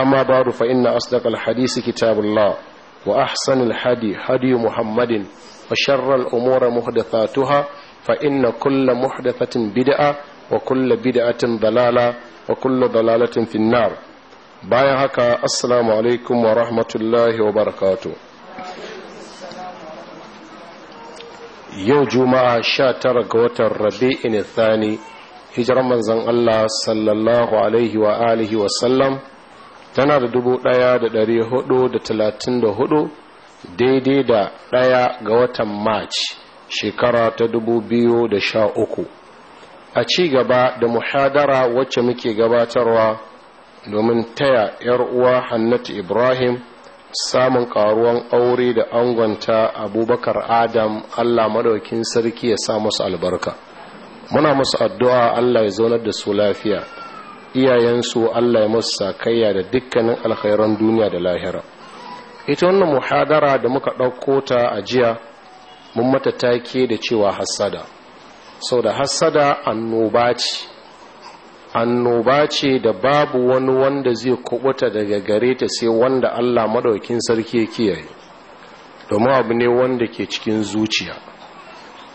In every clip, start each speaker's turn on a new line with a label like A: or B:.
A: أما بعد فإن أصدق الحديث كتاب الله وأحسن الحدي هدي محمد وشر الأمور محدثاتها فإن كل محدثة بدعة وكل بدعة ضلالة وكل ضلالة في النار bayan haka assalamu alaikum wa rahmatullahi wa barakatu yau juma'a sha tara ga watan rabi'in Sani, hijirar manzan Allah sallallahu alaihi wa alihi wa sallam tana da dubu ɗaya da ɗari hudu da talatin da hudu daidai da ɗaya ga watan march shekara ta dubu biyu da sha uku a ci gaba da muhadara wacce muke gabatarwa domin taya 'yar uwa hannatu ibrahim samun karuwan aure da angonta abubakar adam allah madaukin sarki ya sa musu albarka muna musu addu'a allah ya zaunar da su lafiya iyayensu Allah ya masu sakayya da dukkanin alkhairan duniya da lahira ita wannan muhadara da muka ɗauko ta a jiya mun mata take da cewa hassada sau da hassada annoba ce annoba ce da babu wani wanda zai kubuta daga gare ta sai wanda Allah maɗaukin sarki ya kiyaye domin abu ne wanda ke cikin zuciya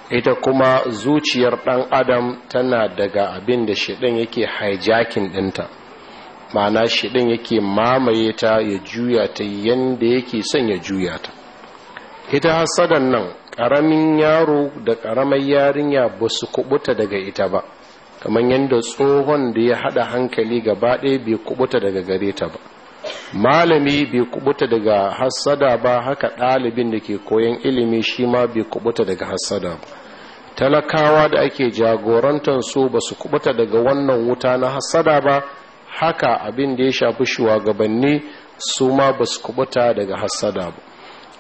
A: ita kuma zuciyar ɗan adam tana daga abin da shiɗin yake hijacking ɗinta ma'ana shiɗin yake mamaye ta ya juya ta yadda yake son ya juya ta ita hasadan nan ƙaramin yaro da ƙaramar yarinya ba su kubuta daga ita ba kamar yadda tsohon da ya haɗa hankali gaba ɗaya bai kubuta daga gare ta ba malami bai kubuta daga hassada ba haka ɗalibin da ke koyon ilimi shi ma bai kubuta daga hassada ba talakawa da ake jagorantar su ba su kubuta daga wannan wuta na hassada ba haka abin da ya shafi shugabanni su ma ba su kubuta daga hassada ba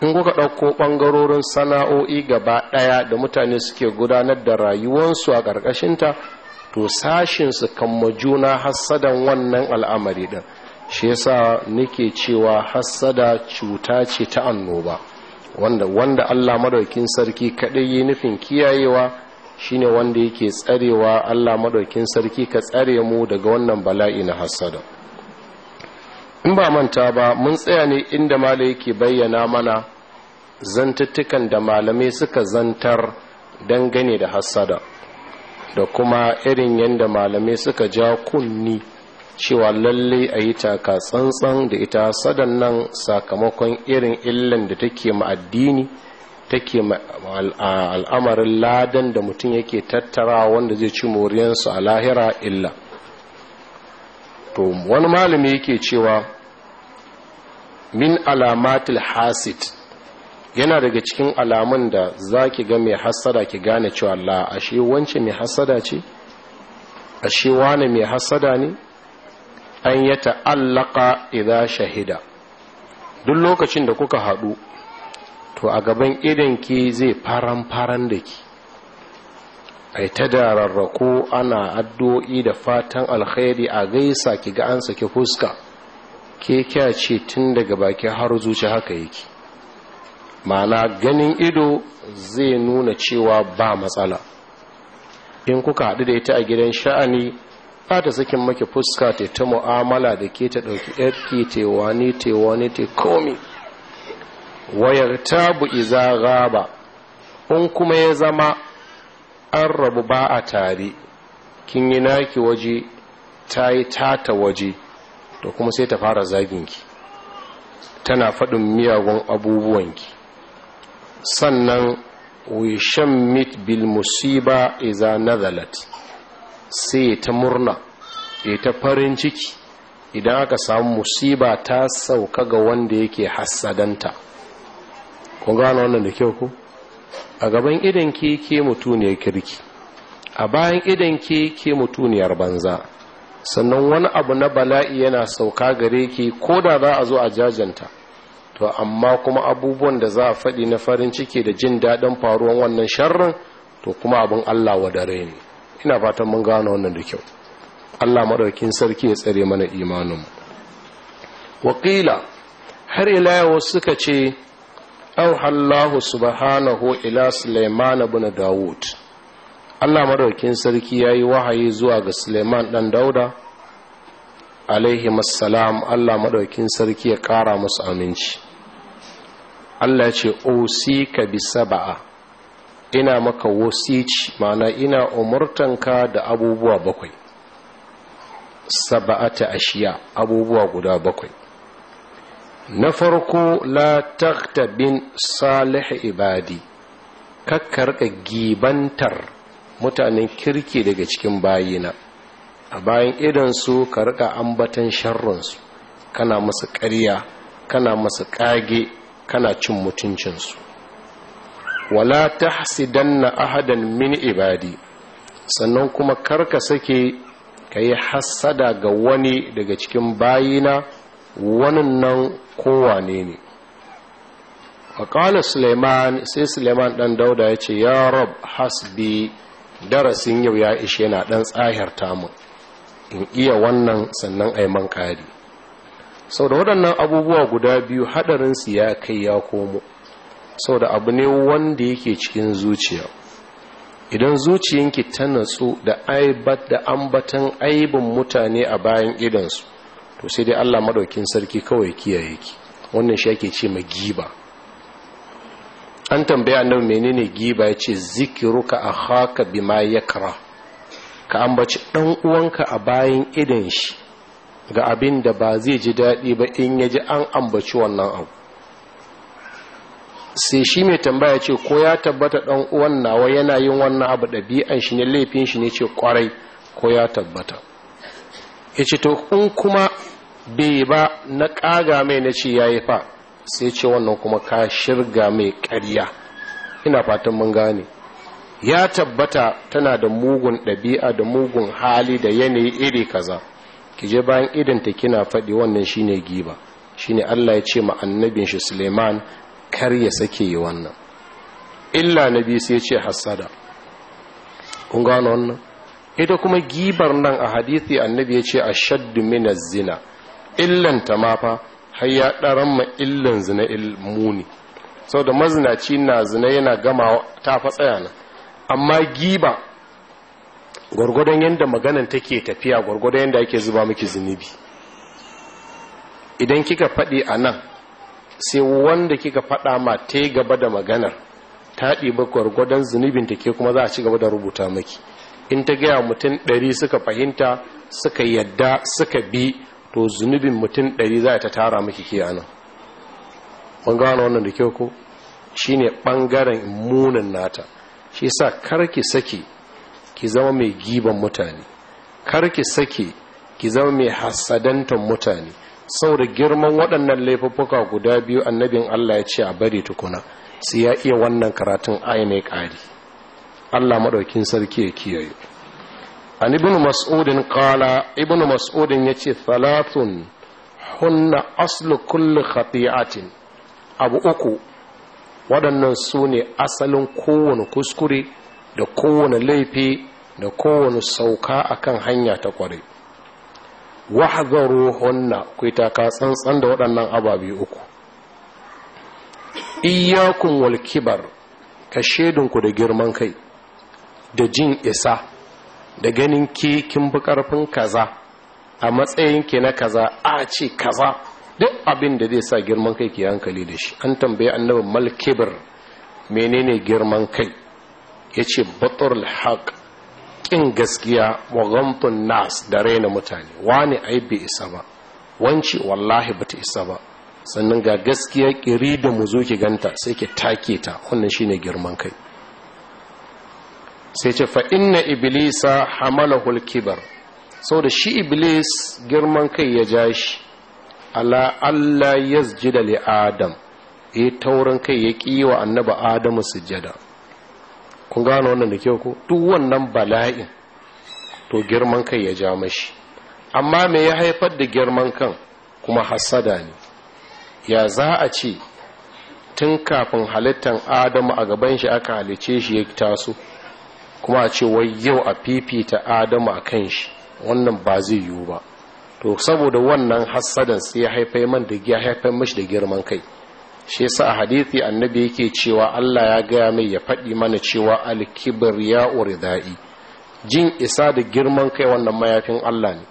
A: in kuka ɗauko ɓangarorin sana'o'i gaba ɗaya da mutane suke gudanar da rayuwarsu a ƙarƙashinta to sashinsu kan majuna hassadan wannan al'amari ɗin shi yasa nake cewa hassada cuta ce ta annoba wanda wanda Allah madaukin sarki kadai yi nufin kiyayewa shine wanda yake tsarewa Allah madaukin sarki ka tsare mu daga wannan bala'i na hassada in ba manta ba mun tsaya ne inda malai yake bayyana mana zantattukan da malamai suka zantar dangane da hassada da kuma irin yadda malamai suka ja kunni cewa lalle a yi taka tsantsan da ita sadan nan sakamakon irin illan da take ma addini take al'amarin ladan da mutum yake tattara wanda zai ci moriyansu a lahira illa to wani malami yake cewa min alamatil hasid yana daga cikin alamun da za ki ga mai hasada ki gane cewa la ashe wance mai hasada ce ashe wane mai hasada ne an ya ta'allaka idan shahida duk lokacin da kuka haɗu to a gaban idanki zai faran-faran da ki ai ta dararrako ana addu'o'i da fatan alkhairi a gaisa ki ga an sake fuska ke kya ce tun daga baki har zuci haka yake ma'ana ganin ido zai nuna cewa ba matsala in kuka haɗu da ita a gidan sha'ani ba da sakin maki fuska ta ta mu'amala da ke ta ɗauki yarki ta wani ta wani ta komi wayar tabu iza gaba in kuma ya zama an rabu ba a tare kin yi naki waje ta yi tata waje to kuma sai ta fara zaginki tana faɗin miyagun abubuwanki sannan wishan mit bil musiba iza nazalat sai ta murna ya ta farin ciki idan aka samu musiba ta sauka ga wanda yake hassadanta kun gano wannan da kyau ku a gaban idan ke ke mutuniyar kirki a bayan idan ke ke mutuniyar banza sannan wani abu na bala'i yana sauka gare ki ko da za a zo a jajanta to amma kuma abubuwan da za a faɗi na farin ciki da jin daɗin faruwan wannan sharrin to kuma abin allah dare ne ina fatan mun gano wannan da kyau Allah madaukin sarki ya tsare mana imanin mu wakila har ila yau suka ce auhallahu subhanahu ila Sulaiman ibn Dawud Allah madaukin sarki yayi wahayi zuwa ga Sulaiman dan Dauda alaihi assalam Allah madaukin sarki ya kara musu aminci Allah ya ce usika bi sab'a ina maka wasici mana ina umurtanka da abubuwa bakwai saba'ata ashiya abubuwa guda bakwai na farko la taktabin salih ibadi kakkarka gibantar mutanen kirki daga cikin bayina a bayan idansu ka rika ambatan sharrinsu kana masu ƙarya kana masu ƙage kana cin mutuncinsu wala ta na ahadan min ibadi sannan kuma karka sake ka yi hassada ga wani daga cikin bayina wannan nan kowane ne faƙala suleiman sai suleiman ɗan dauda ya ce ya rab hasbi darasin yau ya ishe na ɗan tsahar tamu in iya wannan sannan aiman ƙari sau da waɗannan abubuwa guda biyu haɗarinsu ya kai ya komo sau da abu ne wanda yake cikin zuciya idan zuciyanki ta natsu da aibat da ambatan aibin mutane a bayan idansu to sai dai allah maɗaukin sarki kawai kiyaye ki wannan shi ake ce ma giba an tambaya nan menene giba ya ce zikiruka a haka bima ya ka ambaci dan uwanka a bayan idan shi ga abin da ba zai ji daɗi ba in yaji an ambaci wannan abu sai shi mai tambaya ce ko ya tabbata dan uwan nawa yana yin wannan abu ɗabi'an shi ne laifin shi ne ce kwarai ko ya tabbata Ya ce to in kuma bai ba na ƙaga mai na ce ya yi fa sai ce wannan kuma ka shirga mai ƙarya ina fatan mun gane ya tabbata tana da mugun ɗabi'a da mugun hali da yanayi iri kaza ki je bayan idanta kina faɗi wannan shine giba shine Allah ya ce ma annabin shi Suleiman kar ya sake yi wannan illa na biyu sai ce hasada kun gano wannan ita kuma gibar nan a hadithi annabi ya ce a shaddu mina zina illanta ma fa har ya ɗaran ma illan zina muni sau da mazinaci na zina yana gama ta fa tsaya amma giba gwargwadon yadda maganan take tafiya gwargwadon yadda ake zuba miki zunubi idan kika faɗi a nan sai wanda kika faɗa ma ta yi gaba da magana ta ɗiba gwargwadon zunubin ta ke kuma za a ci gaba da rubuta maki in ta gaya mutum ɗari suka fahimta suka yadda suka bi to zunubin mutum ɗari za ta tara maki ke anan mun gano wannan da kyau ko shine ɓangaren munin nata shi sa karki saki ki zama mai giban mutane karki saki ki zama mai hassadantan mutane Sau da girman waɗannan laifuffuka guda biyu annabin Allah ya ce a bari tukuna sai ya iya wannan karatun ayyane ƙari Allah maɗaukin sarki ya kiyaye an ibn mas'udin kala ibn mas'udin ce thalathun hunna aslu kulli khati'atin abu uku waɗannan su ne asalin kowane kuskure da kowane laifi da kowane sauka akan hanya ta kwarai wahzaruhunna ku ta ka tsantsan da waɗannan ababe uku iyyakum wal kibar ka da girman kai da jin isa da ganin ke kin bi karfin kaza a matsayin ke na kaza a ce kaza duk abin da zai sa girman kai ke hankali da shi an tambaye annabi mal menene girman kai yace batul hag. Ƙin gaskiya wa ghamtun nas da raina mutane wani ai bai isa ba wanci wallahi bata isa ba sannan ga gaskiya kiri da mu zo ki ganta sai ki take ta wannan ne girman kai sai ce fa inna iblisa hamalahu al sau da shi iblis girman kai ya ja shi ala Allah ya zjida li Adam ya e, taurin kai ya ƙi wa annaba Adamu sujada. kun gano wannan da kyau ko duk wannan bala'in to girman kai ya ja mashi amma me ya haifar da girman kan kuma hasada ne ya za a ce tun kafin halittar adamu a gaban shi aka halice shi ya taso kuma a ce wai yau a fifita adamu a kan shi wannan ba zai yiwu ba to saboda wannan hassadan sai ya haifai man da ya haifai mashi da girman kai shi yasa a hadithi annabi yake cewa Allah ya gaya mai ya faɗi mana cewa ya uridai jin isa da girman kai wannan mayafin Allah ne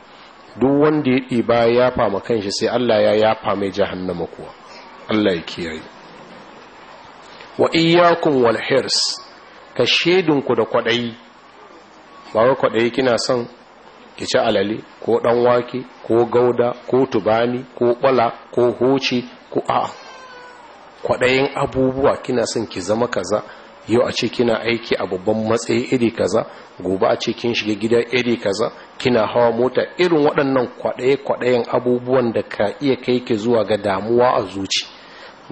A: duk wanda ya ɗiba ya fama kanshi sai Allah ya yafa mai jahannama kuwa Allah ya kiyaye wa iyyakum wal hirs ka ku da kwaɗayi ba wai kwaɗayi kina son ki ci alale ko ɗan wake ko gauda ko tubani ko ɓala ko hoci ko a'a kwaɗayin abubuwa kina son ki zama kaza yau a ce kina aiki a babban matsayi iri kaza gobe a ce kin shiga gida iri kaza kina hawa mota irin waɗannan kwaɗaye-kwaɗayen abubuwan da ka iya kai ki zuwa ga damuwa a zuci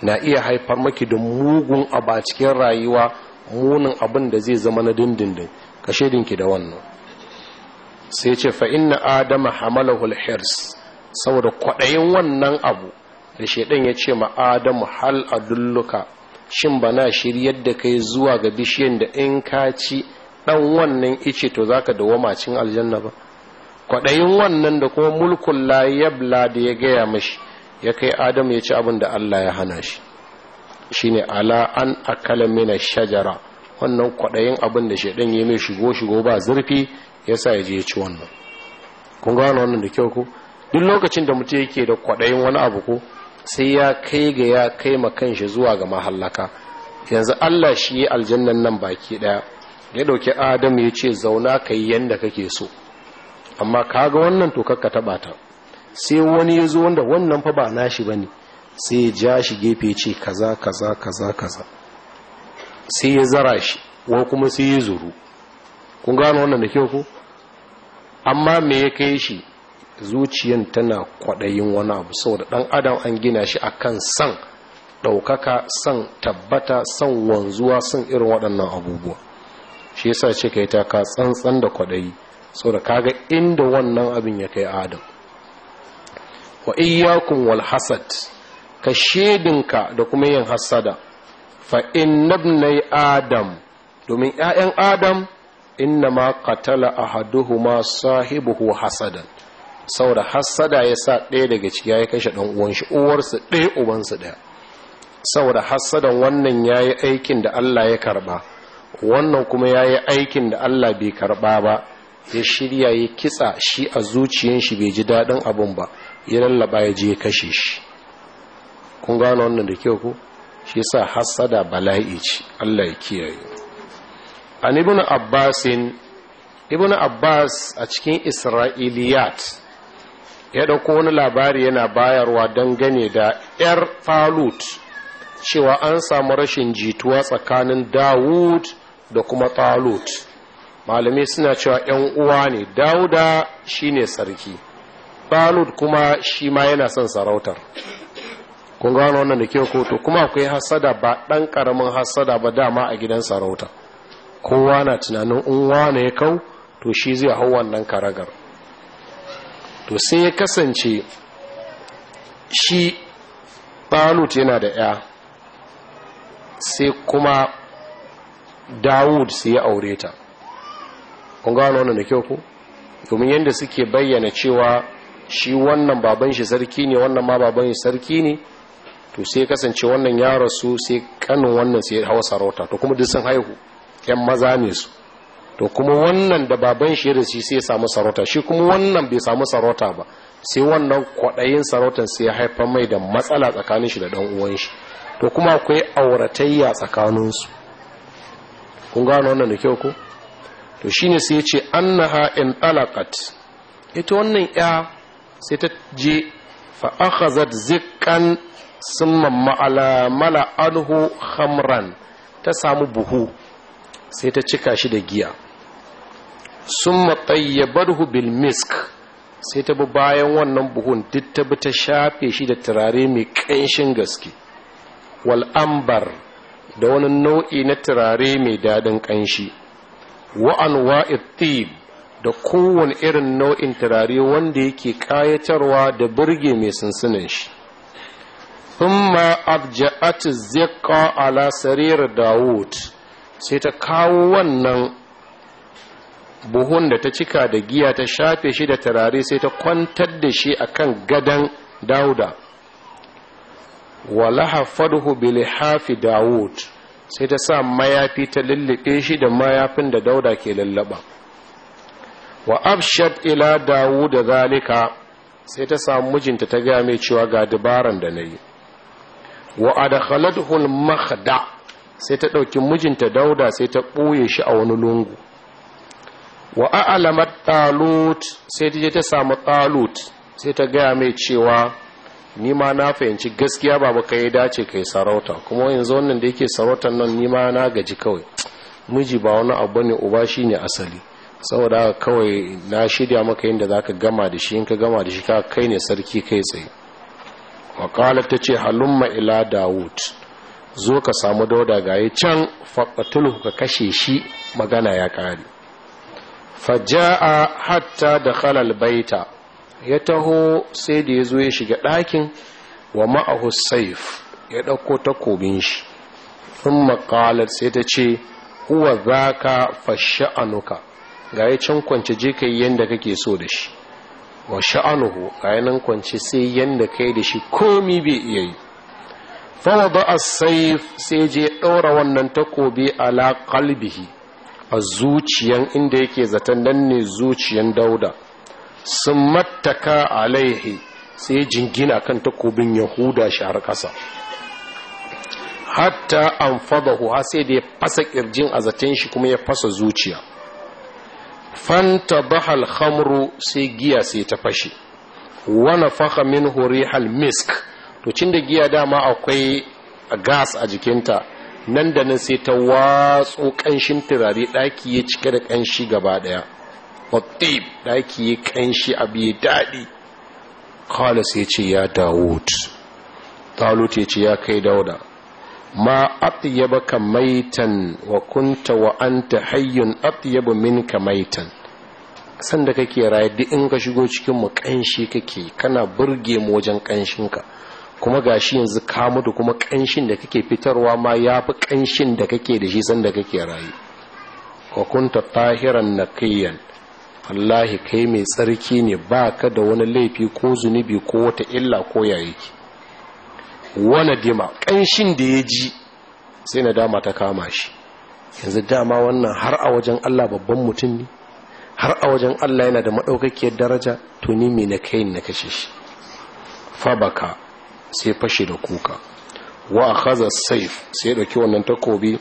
A: na iya haifar maki da mugun abu a cikin rayuwa munin abin da zai zama na dindindin ka shaidinki da wannan sai ce fa inna adama hamalahul hirs saboda kwaɗayin wannan abu da shaidan ya ce ma adamu hal adulluka shin bana shiryar da kai zuwa ga bishiyan da in ka ci dan wannan ice to zaka dawoma cin aljanna ba kwaɗayin wannan da kuma mulkun la yabla da ya gaya mashi ya kai adam ya ci abin da Allah ya hana shi shine ala an akala kalamina shajara wannan kwaɗayin abin da shaidan ya mai shigo shigo ba zurfi yasa ya je ya ci wannan kun gano wannan da kyau ko duk lokacin da mutum yake da kwaɗayin wani abu ko sai ya kai ga ya kai makan shi zuwa ga mahallaka yanzu Allah shi yi aljannan nan baki daya ya dauki Adam ya ce zauna ka yi yanda kake so amma kaga wannan to ka taba ta sai wani ya zo wanda wannan fa ba nashi bane sai ya ja shi gefe ce kaza kaza kaza kaza sai ya zara shi wa kuma sai ya zuru kun gano wannan da kyau ko amma me ya kai shi zuciyan tana kwaɗayin wani abu saboda ɗan adam an gina shi a kan san ɗaukaka san tabbata san wanzuwa san irin waɗannan abubuwa shi yasa ce kai ta ka tsantsan da kwaɗayi saboda kaga inda wannan abin ya kai adam wa iyyakum wal hasad ka shedinka da kuma yin hasada fa innabnai adam domin 'ya'yan adam inna ma qatala ahaduhuma sahibuhu hasadan saboda hassada ya sa ɗaya daga ciki ya yi kashe ɗan uwanshi uwarsa ɗaya ubansa ɗaya saboda hassadan wannan ya yi aikin da Allah ya karba wannan kuma ya yi aikin da Allah bai karba ba ya shirya ya kitsa shi a zuciyan shi bai ji daɗin abin ba ya lallaba ya je ya kashe shi kun gano wannan da kyau ko shi sa hassada bala'i ce Allah ya kiyaye an ibn abbasin ibn abbas a cikin isra'iliyat ya ɗauko wani labari yana bayarwa dangane da 'yar falut cewa an samu rashin jituwa tsakanin dawud da kuma falut malamai suna cewa 'yan uwa ne dawuda shine sarki falut kuma shi ma yana son sarautar kun gano wannan da kyau koto kuma akwai hasada ba ɗan ƙaramin hasada ba dama a gidan sarauta kowa na tunanin in na ya kau to shi zai hau wannan karagar to sai ya kasance shi balut yana da ya sai kuma dawud sai ya aure ta kun gano wannan da kyau ku domin yadda suke bayyana cewa shi wannan baban shi sarki ne wannan ma baban shi sarki ne to sai kasance wannan ya rasu sai kanin wannan sai hawa sarauta to kuma duk sun haihu yan maza ne su to kuma wannan da baban shi da shi sai ya samu sarauta shi kuma wannan bai samu sarauta ba sai wannan kwaɗayin sarautar sai ya haifar mai da matsala tsakanin shi da ɗan uwan shi to kuma akwai auratayya tsakaninsu kun gano wannan da kyau ko to shine sai ya ce annaha in talaqat ita wannan ya sai ta je fa akhazat zikkan summa ma'ala mala anhu ta samu buhu sai ta cika shi da giya sun matayyabarhu bil misk sai ta bi bayan wannan buhun duk ta bi ta shafe shi da turare mai ƙanshin gaske wal'ambar da wani nau'i na turare mai daɗin ƙanshi wa'an wa'id da kowane irin nau'in turare wanda yake ƙayatarwa da birge mai sunsunan shi thumma abja'at zika ala sarira dawud sai ta kawo wannan buhun da ta cika da giya ta shafe shi da tarare sai ta kwantar da shi a kan gadon dauda walaha faduhu hafi dawud sai ta sa mayafi ta lullube shi da mayafin da dauda ke lullaba wa abshad ila dawud zalika sai ta samu mijinta ta gaya mai cewa ga dabaran da na yi wa adkhalathu al-makhda sai ta ɗauki mijinta dauda sai ta ɓoye shi a wani lungu wa a'lamat talut sai ta je ta samu talut sai ta gaya mai cewa ni ma na fahimci gaskiya baka kai dace kai sarauta kuma yanzu wannan da yake sarautar nan ni ma na gaji kawai miji ba wani abu ne uba shine asali saboda haka kawai na shirya maka yadda zaka gama da shi in ka gama da shi ka kai ne sarki kai tsaye wakalar ta ce halumma ila dawud zo ka samu dauda yi can faƙatulu ka kashe shi magana ya ƙare faja'a hatta da khalal baita ya taho sai da ya zo ya shiga ɗakin wa ma'ahu saif ya ɗauko takobin shi sun makalar sai ta ce huwa za ka fasha'anuka ga yi can kwanci je ka yi yadda kake so da shi wa sha'anuhu ga nan kwanci sai yadda kai da shi komi bai iya yi ba a saif sai je ɗaura wannan takobi ala kalbihi a zuciyan inda yake zaton nan ne zuciyan dauda sun mattaka alaihi sai jingina kan takobin yahuda shi har ƙasa hatta an fadahu har sai da ya fasa ƙirjin a zaton shi kuma ya fasa zuciya fanta bahal khamru sai giya sai ta fashe wana faha min horihal misk to cin da giya dama akwai gas a jikinta nan da nan sai ta watso ƙanshin turare ɗaki ya cike da ƙanshi gaba ɗaya wattib ɗaki ya ƙanshi abu ya daɗi kala sai ce ya dawud talut ya ce ya kai dauda ma atyaba ka maitan wa kunta wa anta hayyun atyabu minka maitan sanda kake raye duk in ka shigo cikin mu kanshi kake kana burge mu wajen ƙanshinka kuma gashi yanzu Kamu da kuma ƙanshin da kake fitarwa ma ya fi ƙanshin da kake da shi sanda kake rayu wa ta tahiran naqiyan allahi kai mai tsarki ne ba ka da wani laifi ko zunubi ko wata illa ko ki wani dima ƙanshin da ya ji sai na dama ta kama shi yanzu dama wannan har a wajen Allah babban mutum ne har a wajen Allah yana da maɗaukakiyar daraja to ni mai na kai na kashe shi fabaka sai fashe da kuka wa akhadha as-sayf sai dauki wannan takobi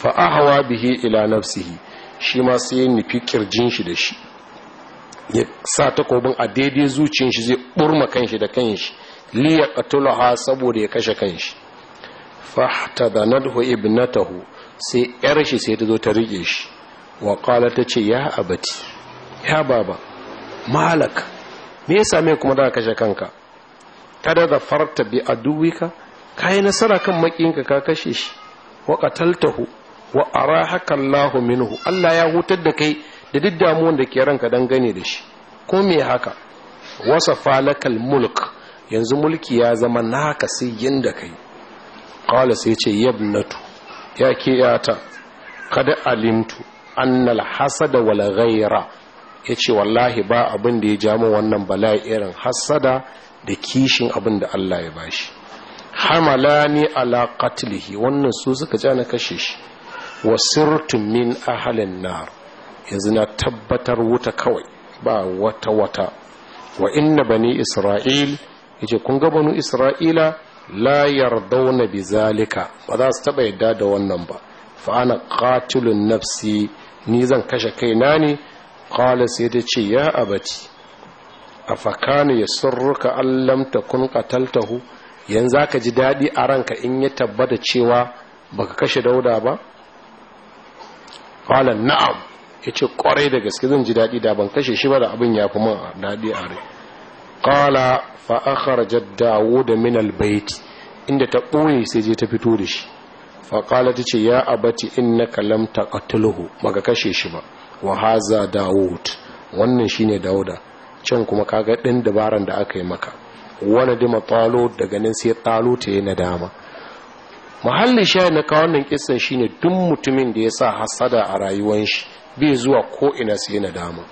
A: fa ahwa bihi ila nafsihi shi ma sai ya nufi kirjin shi da shi ya sa takobin a daidai zuciyar shi zai burma kanshi da kanshi li yaqtulaha saboda ya kashe kanshi na ibnatahu sai yar shi sai ta zo ta rike shi wa qala ta ce ya abati ya baba malak me yasa me kuma da kashe kanka kada da farta bi aduwika ka yi nasara kan makinka ka kashe shi wa qataltahu wa arahaka Allahu minhu Allah ya hutar da kai da duk damuwan da ke ranka gane da shi ko me haka wasa falakal mulk yanzu mulki ya zama naka sai yinda kai qala sai ce yabnatu ya ke yata kada alimtu annal hasada wal ghaira yace wallahi ba abin da ya ja wannan bala'i irin hasada da kishin abin da Allah ya bashi hamalani ala qatlihi wannan su suka ja na kashe shi Wa wasirtu min ahalin nar yanzu na tabbatar wuta kawai ba wata wata wa inna bani isra'il yace kun ga banu isra'ila la yardawna bizalika ba za su taba yadda da wannan ba fa ana qatilun nafsi ni zan kashe kaina ne qala sai ta ce ya abati a fakani ya surruka an ta kun qataltahu yanzu za ka ji daɗi a ranka in ya tabbata cewa baka kashe dauda ba qala na'am ya ce kwarai da gaske zan ji daɗi da ban kashe shi ba da abin ya fi min daɗi a rai qala fa jaddawo da minal baiti inda ta ɓoye sai je ta fito da shi fakala ta ce ya abati in na a lam ba baka kashe shi ba wa haza dawud wannan shine dauda can kuma kaga ɗin dabaran da aka yi maka wani dima talo daga nan sai talo ta yi nadama muhallin sha na kawo wannan kisan shine duk mutumin da ya sa hasada a rayuwan shi bai zuwa ko ina sai nadama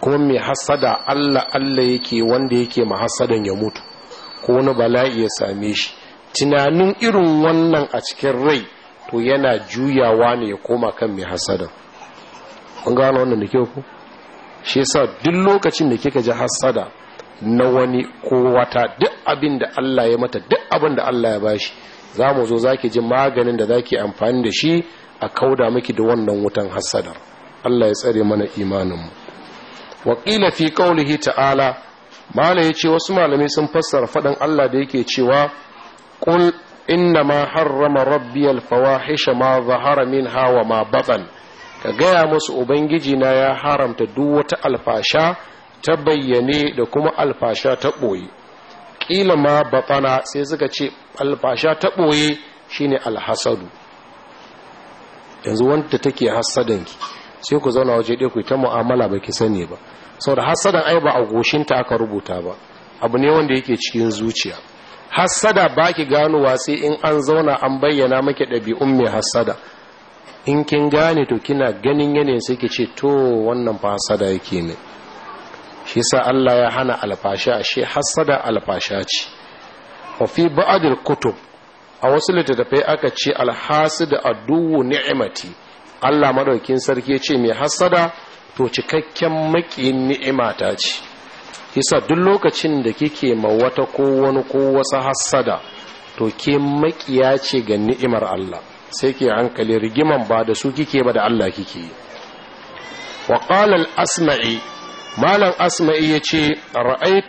A: kuma mai hasada Allah Allah yake wanda yake mahasadan ya mutu ko wani bala'i ya same shi tunanin irin wannan a cikin rai to yana juyawa ne ya koma kan mai hasadan kun gano wannan da kyau ku shi yasa duk lokacin da kika ji hasada na wani ko wata duk abin da Allah ya mata duk abin da Allah ya bashi za mu zo zaki ji maganin da zaki amfani da shi a kauda miki da wannan wutan hasadar Allah ya tsare mana imaninmu waƙila fi qaulihi ta'ala ya ce wasu malami sun fassara faɗin Allah da yake cewa qul inna ma harrama rabbiyal fawahisha ma zahara minha wa ma batan ka gaya musu ubangiji na ya haramta duk wata alfasha ta bayyane da kuma alfasha ta ɓoye ƙila ma bafana sai suka ce alfasha ta ɓoye shine alhasadu yanzu wanda take hasadanki sai ku zauna waje ɗaya ku ta mu'amala ba ki sani ba saboda hasadan ai ba a goshinta aka rubuta ba abu ne wanda yake cikin zuciya hassada ba ki ganowa sai in an zauna an bayyana maki ɗabi'un mai hassada in kin gane to kina ganin yanayin sai ce to wannan fasada yake ne shi sa Allah ya hana alfasha shi hasada alfasha ce wa fi ba'dil kutub a wasu littattafai aka ce alhasida aduwu ni'imati Allah madaukin sarki ya ce mai hasada to cikakken makiyin ni'imata ce isa duk lokacin da kike ma wata ko wani ko wasa hasada to ke makiya ce ga ni'imar Allah sai ke hankali rigiman ba da su kike ba da Allah kike yi al asmai malam asma'i yace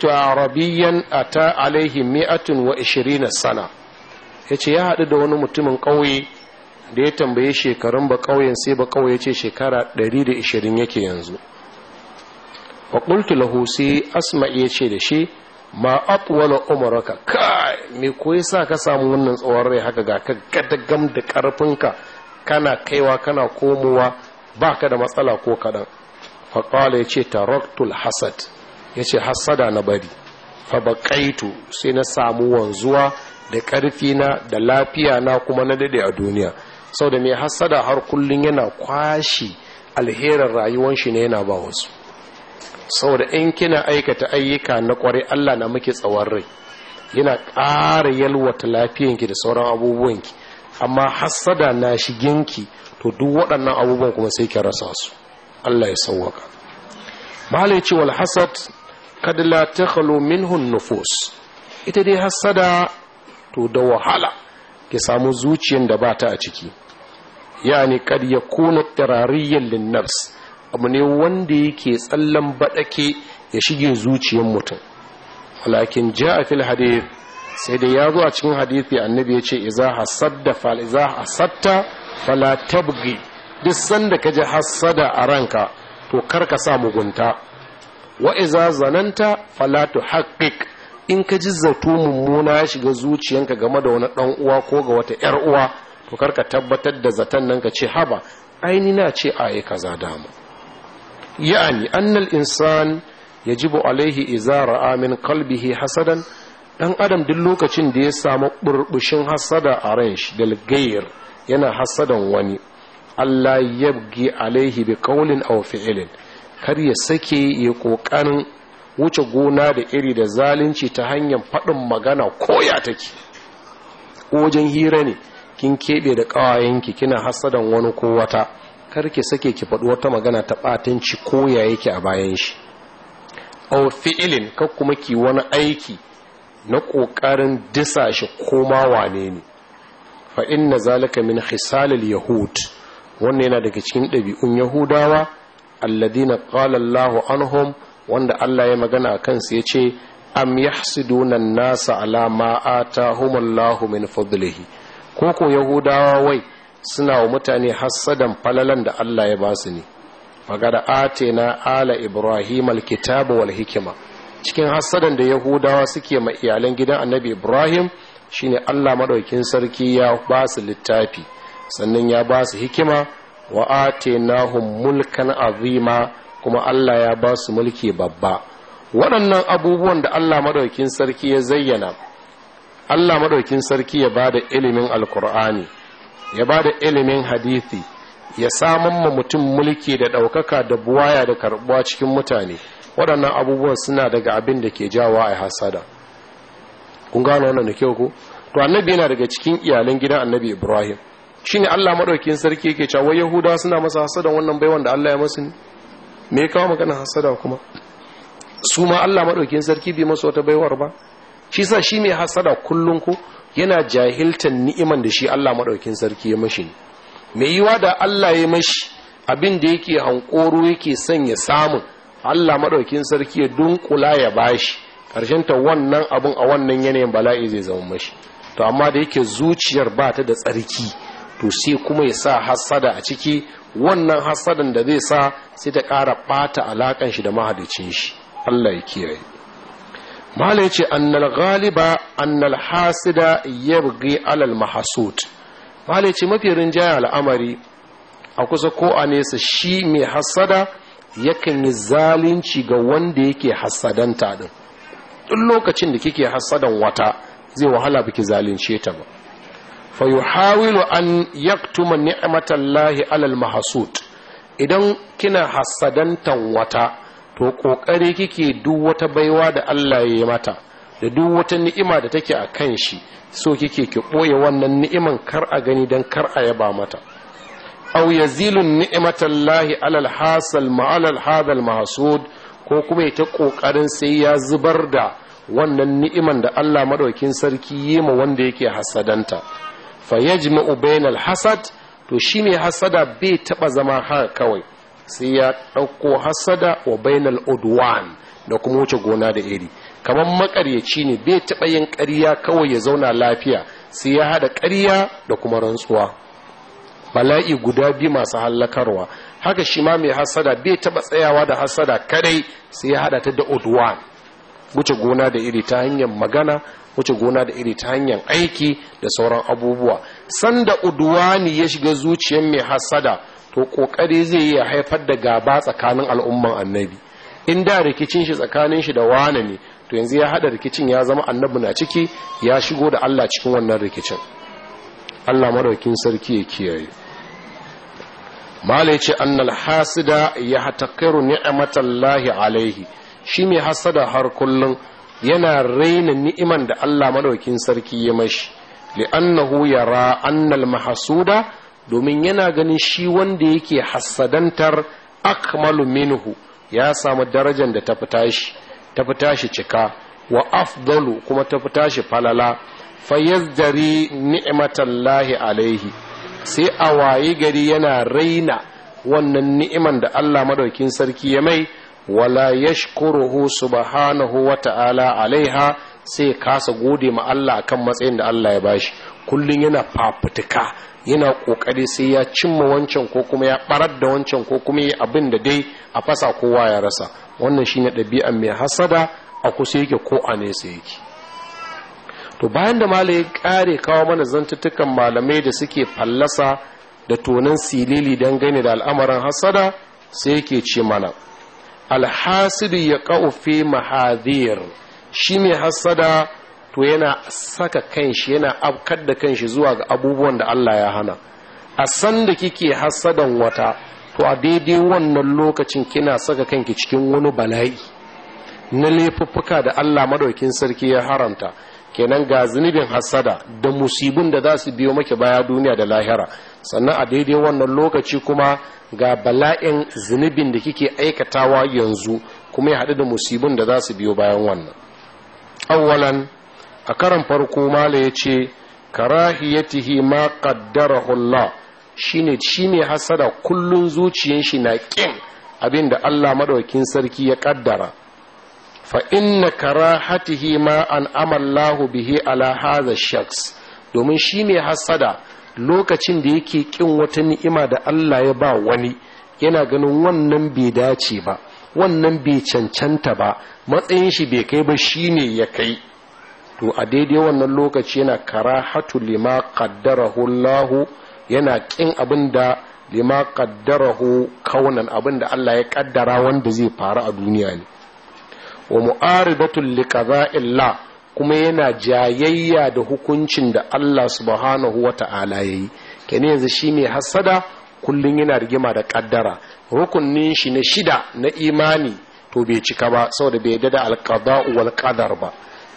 A: ce arabiyan ata alayhi mi'atun wa ishirina sana ya ya haɗu da wani mutumin ƙauye da ya tambaye shekarun ba ƙauyen sai ba ƙauye ce shekara 120 yake yanzu wa qultu lahu sai asma'i yace da shi ma atwala umraka kai me ko yasa ka samu wannan tsawon rai haka ga ka gadagam da karfinka kana kaiwa kana komowa baka da matsala ko kadan fa qala yace taraktul hasad yace hasada na bari fa baqaitu sai na samu wanzuwa da karfi na da lafiya na kuma na dade a duniya saboda mai hasada har kullun yana kwashi alherin rayuwar shi ne yana ba wasu saboda in kina aikata ayyuka na kwarai Allah na muke tsawon rai yana ƙara yalwata lafiyanki da sauran abubuwanki amma hassada na shiginki to duk waɗannan abubuwan kuma sai ki rasa su Allah ya sauwaka malai ce wal hasad kad la takhlu minhu nufus ita dai hassada to da wahala ki samu zuciyar da ba ta a ciki yani kad ya tirariyan lin nafs abu ne wanda yake tsallan baɗake ya shige zuciyar mutum walakin ja a fil hadith sai da ya zo a cikin hadithi annabi ya ce iza hasadda fal iza hasatta fala duk sanda ka ji hasada a ranka to kar ka sa mugunta wa iza zananta fala tuhaqqiq in ka ji zato mummuna ya shiga zuciyanka game da wani dan uwa ko ga wata yar uwa to kar ka tabbatar da zaton nan ka ce haba aini na ce ayi kaza damu يعني أن الإنسان يجب عليه إذا رأى من قلبه حسدا dan adam duk lokacin da ya samu burbushin hasada a ran shi yana hasadan wani Allah yabgi alaihi bi kaulin aw fi'lin kar ya sake ya kokarin wuce gona da iri da zalunci ta hanyar faɗin magana koya take ko wajen hira ne kin keɓe da ƙawayenki kina hasadan wani ko wata karki sake ki faɗi wata magana ta ɓatanci ko ya yake a bayan shi aw fi'ilin ka kuma ki wani aiki na ƙoƙarin disa shi koma wane ne fa inna zalika min khisalil yahud wannan yana daga cikin ɗabi'un yahudawa alladina qala Allahu anhum wanda Allah ya magana a kansu ya ce am yahsiduna an-nasa ala ma atahumullahu min fadlihi koko yahudawa wai suna wa mutane hassadan falalan da Allah ya ba su ne magana na ala ibrahim alkitaba wal hikima cikin hassadan da yahudawa suke ma iyalan gidan annabi ibrahim shine Allah madaukin sarki ya ba su littafi sannan ya ba su hikima wa atinahum mulkan azima kuma Allah ya ba su mulki babba waɗannan abubuwan da Allah madaukin sarki ya zayyana Allah madaukin sarki ya ba da ilimin alkur'ani ya ba da ilimin hadithi ya samun ma mutum mulki da ɗaukaka da buwaya da karɓuwa cikin mutane waɗannan abubuwan suna daga abin da ke jawa a hasada kun gano wannan da kyau ko to annabi yana daga cikin iyalan gidan annabi ibrahim shine allah maɗaukin sarki yake cewa yahuda suna masa hasada wannan baiwan da allah ya masu ne me ya kawo maganar hasada kuma su ma allah maɗaukin sarki bai masa wata baiwar ba shi sa shi mai hasada kullum ko yana jahiltan ni'iman da shi Allah maɗaukin sarki ya mashi ne mai yiwa da Allah ya mashi abin da yake hankoro yake son ya samu, Allah maɗaukin sarki ya dunkula ya bashi ƙarshen ta wannan abun a wannan yanayin bala'i zai zama mashi to amma da yake zuciyar ba ta da tsarki to sai kuma ya sa hassada a ciki wannan hassadan da zai sa sai ta ƙara ɓata alaƙan shi da mahadicin shi Allah ya kiyaye mala ce annal ghaliba annal hasida yabghi alal mahsud mala ce mafi rinjaya al'amari a kusa ko a nesa shi mai hasada yakan yi zalunci ga wanda yake hasadanta din duk lokacin da kike hasadan wata zai wahala biki zalunce ta ba fa yuhawilu an yaktuma ni'matallahi alal mahsud idan kina hasadantan wata to kokari kike duk wata baiwa da Allah ya yi mata da duk wata ni'ima da take a kan shi so kike ki ɓoye wannan ni'iman kar a gani dan kar a yaba mata aw yazilun ni'matallahi alal hasal ma alal hadal mahsud ko kuma ita kokarin sai ya zubar da wannan ni'iman da Allah madaukin sarki yi ma wanda yake hasadanta fa yajma'u bainal hasad to shi mai hasada bai taba zama har kawai sai ya ɗauko hasada wa bainal udwan da kuma wuce gona da iri kamar makaryaci ne bai taɓa yin ƙarya kawai ya zauna lafiya sai ya haɗa ƙarya da kuma rantsuwa bala'i guda biyu masu hallakarwa haka shi ma mai hasada bai taɓa tsayawa da hasada kadai sai ya haɗa ta da udwan wuce gona da iri ta hanyar magana wuce gona da iri ta hanyar aiki da sauran abubuwa sanda udwani ya shiga zuciyar mai hasada to kokari zai yi haifar da gaba tsakanin al'umman annabi in da rikicin shi tsakanin shi da wane ne to yanzu ya hada rikicin ya zama annabi na ciki ya shigo da Allah cikin wannan rikicin Allah madaukin sarki ya kiyaye mala yace annal hasida ya hatakiru ni'matallahi alaihi shi mai hasada har kullun yana raina ni'iman da Allah madaukin sarki ya mashi li'annahu yara annal mahsuda domin yana ganin shi wanda yake hassadantar akmalu minhu ya samu darajar da ta fita shi cika wa afdalu kuma ta fita shi falala fayazdari Lahi alaihi sai a wayi gari yana raina wannan ni'iman da Allah madaukin sarki ya mai wala yashkuruhu subhanahu wa ta'ala alaiha sai kasa gode ma Allah kan matsayin da Allah ya bashi Kullum yana fafutuka yana kokari sai ya cimma wancan ko kuma ya barar da wancan ko kuma ya abin da dai a fasa kowa ya rasa wannan shine ɗabi'a mai hasada a kusa yake ko a nesa yake to bayan da malai ya kare kawo mana zantuttukan malamai da suke fallasa da tonan silili don gane da al'amarin hasada sai yake ce mana alhasidu ya ƙa'ufe mahadir shi mai hasada to yana saka kanshi yana afkar da kanshi zuwa ga abubuwan da Allah ya hana a sanda kike hasadan wata to a daidai wannan lokacin kina saka kanki cikin wani bala'i na laifuffuka da Allah madaukin sarki ya haramta kenan ga zunubin hasada da musibin da za su biyo maki baya duniya da lahira sannan a daidai wannan lokaci kuma ga bala'in zunubin da kike aikatawa yanzu kuma ya haɗu da musibin da za su biyo bayan wannan awwalan a karan farko mala ya ce karahiyatihi ma kaddara Allah shi ne hasada kullun zuciyan shi na kin abinda Allah madaukin sarki ya kaddara fa inna karahatihi ma an amallahu bihi ala hadha shakhs domin shi ne hasada lokacin da yake kin wata ni'ima da Allah ya ba wani yana ganin wannan bai dace ba wannan bai cancanta ba matsayin shi bai kai ba shine ya kai to a daidai wannan lokaci yana hatu lima qaddarahu yana kin abin da lima kaddarahu kaunan abin da Allah ya kaddara wanda zai faru a duniya ne wa mu'aridatu li illa kuma yana jayayya da hukuncin da Allah subhanahu wata'ala yayi kene yanzu shi mai hasada kullum yana rigima da kaddara rukunin shi na shida na imani to bai cika ba saboda bai yadda da alqada'u wal ba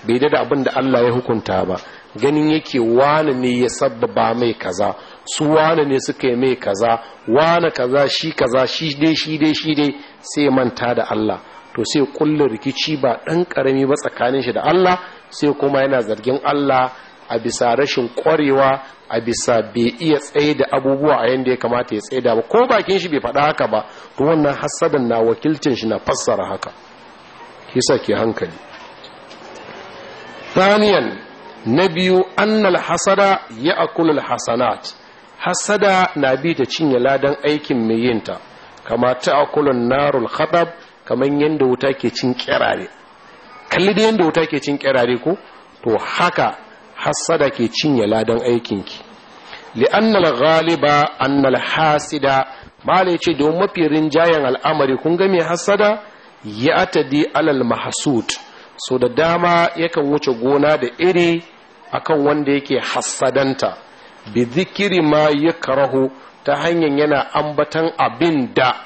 A: bai da abin da Allah ya hukunta ba ganin yake wane ne ya sabbaba mai kaza su wane ne suka yi mai kaza wane kaza shi kaza shi dai shi dai shi dai sai manta da Allah to sai kullum rikici ba dan karami ba tsakanin shi da Allah sai kuma yana zargin Allah a bisa rashin ƙwarewa a bisa bai iya tsaye da abubuwa a yadda ya kamata ya tsaye da ba ko bakin shi bai faɗa haka ba to wannan hassadan na wakilcin shi na fassara haka kisa ke hankali thaniyan na biyu annal hasada ya akulul hasanat hasada na bi ta cinye ladan aikin mai yinta kama ta akulun narul khatab kamar yadda wuta ke cin kirare kalli da yadda wuta ke cin kirare ko to haka hasada ke cinye ladan aikinki li'annal galiba annal hasida malai ce don mafi rinjayen al'amari kun ga mai hasada ya atadi alal mahasud so da dama yakan wuce gona da iri akan wanda yake hassadanta bi zikiri ma karahu ta hanyar yana ambatan abin da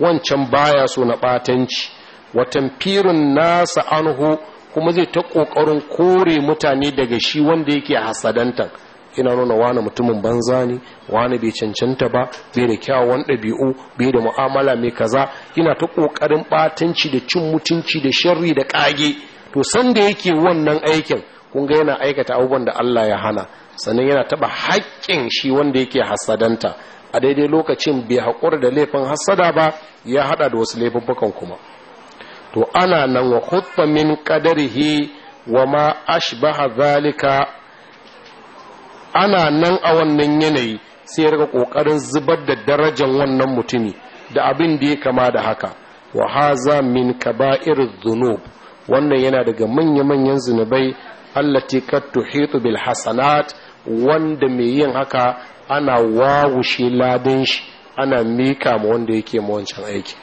A: wancan baya so na batanci watan firin nasa anhu kuma zai ta kokarin kore mutane daga shi wanda yake hassadanta ina nuna wani mutumin banza ne wani bai cancanta ba bai da kyawawan ɗabi'u bai da mu'amala mai kaza ina ta ƙoƙarin ɓatanci da cin mutunci da sharri da ƙage to sanda yake wannan aikin kun yana aikata abubuwan da Allah ya hana sannan yana taɓa haƙƙin shi wanda yake hasadanta a daidai lokacin bai haƙura da laifin hasada ba ya haɗa da wasu laifin kuma to ana nan wa hutsa min qadarihi wa ma ashbaha zalika ana nan a wannan yanayi sai ya kokarin zubar da darajar wannan mutumi da abin da ya kama da haka wa haza min kaba'ir dhunub wannan yana daga manya-manyan zunubai allati kad tuhitu bil hasanat wanda mai yin haka ana wawushe ladan shi ana mika ma wanda yake ma wancan aiki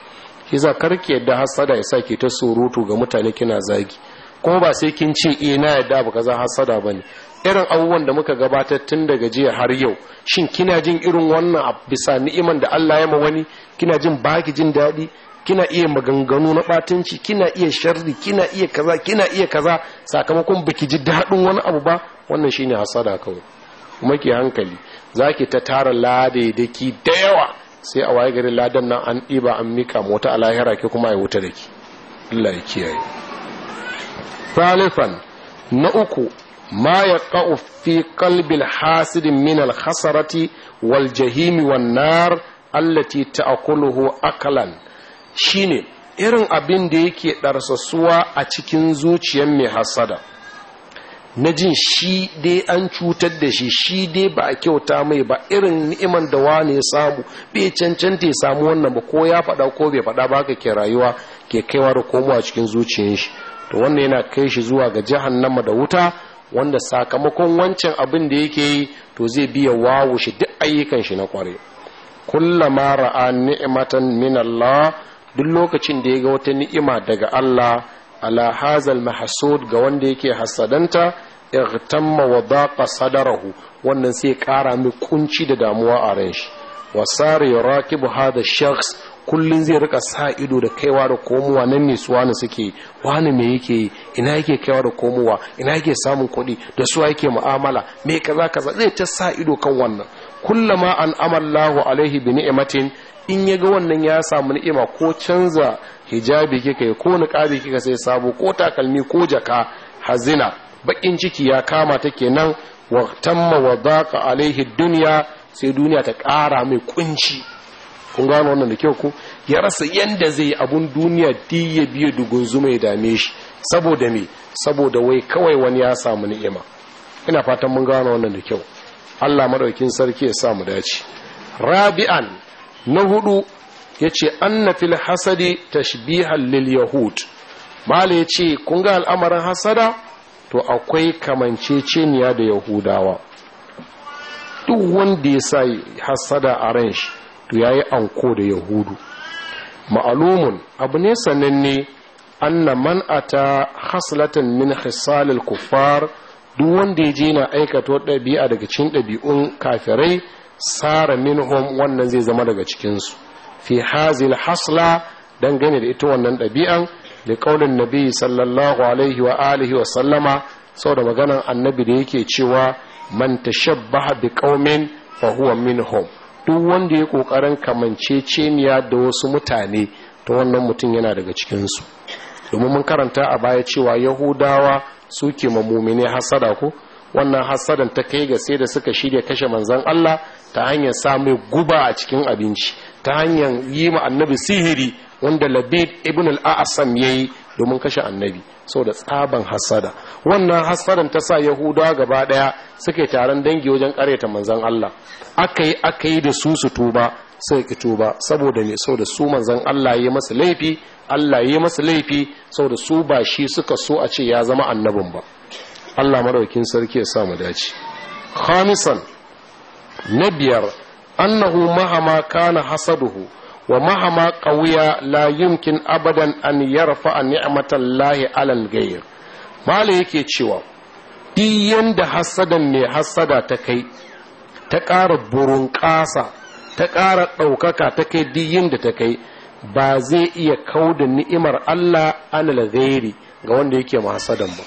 A: kisa karki yadda hasada ya sa ki ta surutu ga mutane kina zagi kuma ba sai kin ce eh na yadda ba kaza hasada bane irin abubuwan da muka gabatar tun daga jiya har yau shin kina jin irin wannan a bisa ni'iman da Allah ya ma wani kina jin baki jin daɗi kina iya maganganu na batunci kina iya sharri kina iya kaza kina iya kaza sakamakon baki ji daɗin wani abu ba wannan shine hasada kawai kuma ki hankali zaki ta tara ladaidaki da yawa sai a waye garin ladan nan an ɗiba an mika mota a lahira ke kuma ya wuta da Allah ya kiyaye Salifan na uku ma ya ƙa'u fi kalbin hasidin min alhasarati wal jahimi wan nar allati ta'kuluhu akalan shine irin abin da yake ɗarsasuwa a cikin zuciyar mai hasada na jin shi dai an cutar da shi shi dai ba a kyauta mai ba irin ni'iman da wane ya samu bai cancanta ya samu wannan ba ko ya faɗa ko bai faɗa ba ka ke rayuwa ke kaiwa da a cikin zuciyar shi to wannan yana kai shi zuwa ga jahannama da wuta wanda sakamakon wancan abin da yake yi to zai biya wawo shi duk ayyukan shi na kware kullama ra'a ni'matan min Allah duk lokacin da ya ga wata ni'ima daga Allah ala hazal mahsud ga wanda yake hasadanta igtamma wa daqa sadarahu wannan sai kara mai kunci da damuwa a ran shi wasari rakibu hada shakhs Kullum zai rika sa ido da kaiwa da komowa nan ne suwa na suke wani me yake yi ina yake kaiwa da komowa ina yake samun kuɗi da suwa yake mu'amala me kaza kaza zai ta sa ido kan wannan kullama an amallahu alaihi bi ni'matin in ya ga wannan ya samu ni'ima ko canza hijabi kika yi ko niqabi kika sai sabo ko takalmi ko jaka hazina bakin ciki ya kama ta kenan wa tamma wa daqa alaihi dunya sai duniya ta ƙara mai kunci kun gano wannan da kyau ku ya rasa yanda zai abun duniya diya biye dugun zuma ya dame shi saboda me saboda wai kawai wani ya samu ni'ima ina fatan mun gano wannan da kyau Allah madaukin sarki ya sa mu dace rabi'an na hudu yace anna fil hasadi tashbihan lil yahud mala yace kun ga al'amarin hasada to akwai kamanceceniya da yahudawa duk wanda ya sa hasada a ran shi to ya yi anko da yahudu ma'alumun abu ne sananne anna man ata haslatan min khisalil kuffar duk wanda ya je na aikata ɗabi'a daga cikin ɗabi'un kafirai sara minhum wannan zai zama daga cikinsu fi hazil hasla dangane da ita wannan ɗabi'an da kaulin nabi sallallahu alaihi wa alihi wa sallama sau da maganan annabi da yake cewa man tashabbaha bi qaumin fa huwa minhum duk wanda ya kokarin kamanceceniya da wasu mutane ta wannan mutum yana daga cikinsu domin mun karanta a baya cewa yahudawa suke mamumine hasada ko wannan hasadan ta kai ga sai da suka shirya kashe manzan Allah ta hanyar samun guba a cikin abinci ta hanyar yi ma annabi sihiri wanda labib ibn al-asam yayi domin kashe annabi da tsaban hasada wannan hasadan ta sa yahudawa gaba daya suke taron dangi wajen kareta manzan Allah Aka yi da su su tuba sai ki tuba saboda ne da su manzan Allah ya masu laifi Allah ya masu laifi saboda su ba shi suka so a ce ya zama annabin ba Allah maraukin sarki ya sa mu dace khamisan na biyar annahu mahama kana hasaduhu wa mahama qawiya la yumkin abadan an yarfa ni'matallahi alal ghayr mala yake cewa duk yanda hasadan ne hasada ta kai ta ƙara burun ta ƙara ɗaukaka ta kai duk da ta kai ba zai iya kau da ni'imar Allah alal ga wanda yake hasadan ba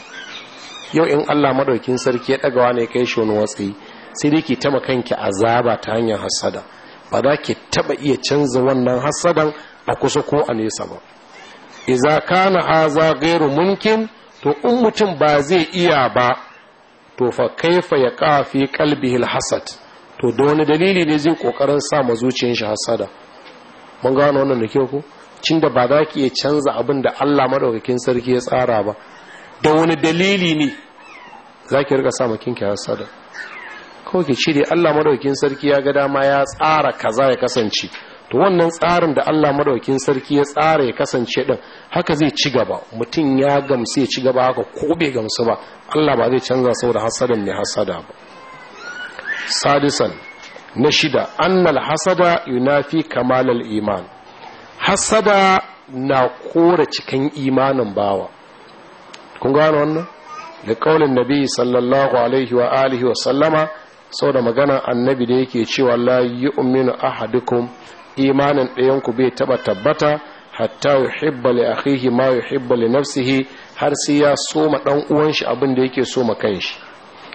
A: yau in Allah madaukin sarki ya ɗagawa ne kai shi wani watsi sai dai tama kanki azaba ta hanyar hasada ba za ki taba iya canza wannan hasadan a kusa ko a nesa ba iza kana haza gairu mumkin to in mutum ba zai iya ba to fa kaifa ya kafi kalbihi hasad to da wani dalili ne zai kokarin sa ma zuciyar shi hasada mun gano wannan da ke ku cin da ba za ki iya canza abin da Allah madaukakin sarki ya tsara ba da wani dalili ne za ki rika sa makinki hasada kawai ke cire Allah madaukin sarki ya ga dama ya tsara kaza ya kasance to wannan tsarin da Allah madaukin sarki ya tsara ya kasance din haka zai ci gaba mutum ya gamsu ya ci gaba haka ko bai gamsu ba Allah ba zai canza saboda hasadan ne hasada ba sadisan na shida annal hasada yunafi kamalal iman hasada na kora cikin imanin bawa kun gano wannan da kaulin nabi sallallahu alaihi wa alihi wa sallama Sau da magana annabi da yake cewa la yu'minu ahadukum imanin ɗayanku bai taba tabbata hatta yuhibba li akhihi ma yuhibba li nafsihi har sai ya soma dan uwan shi abin da yake soma Wa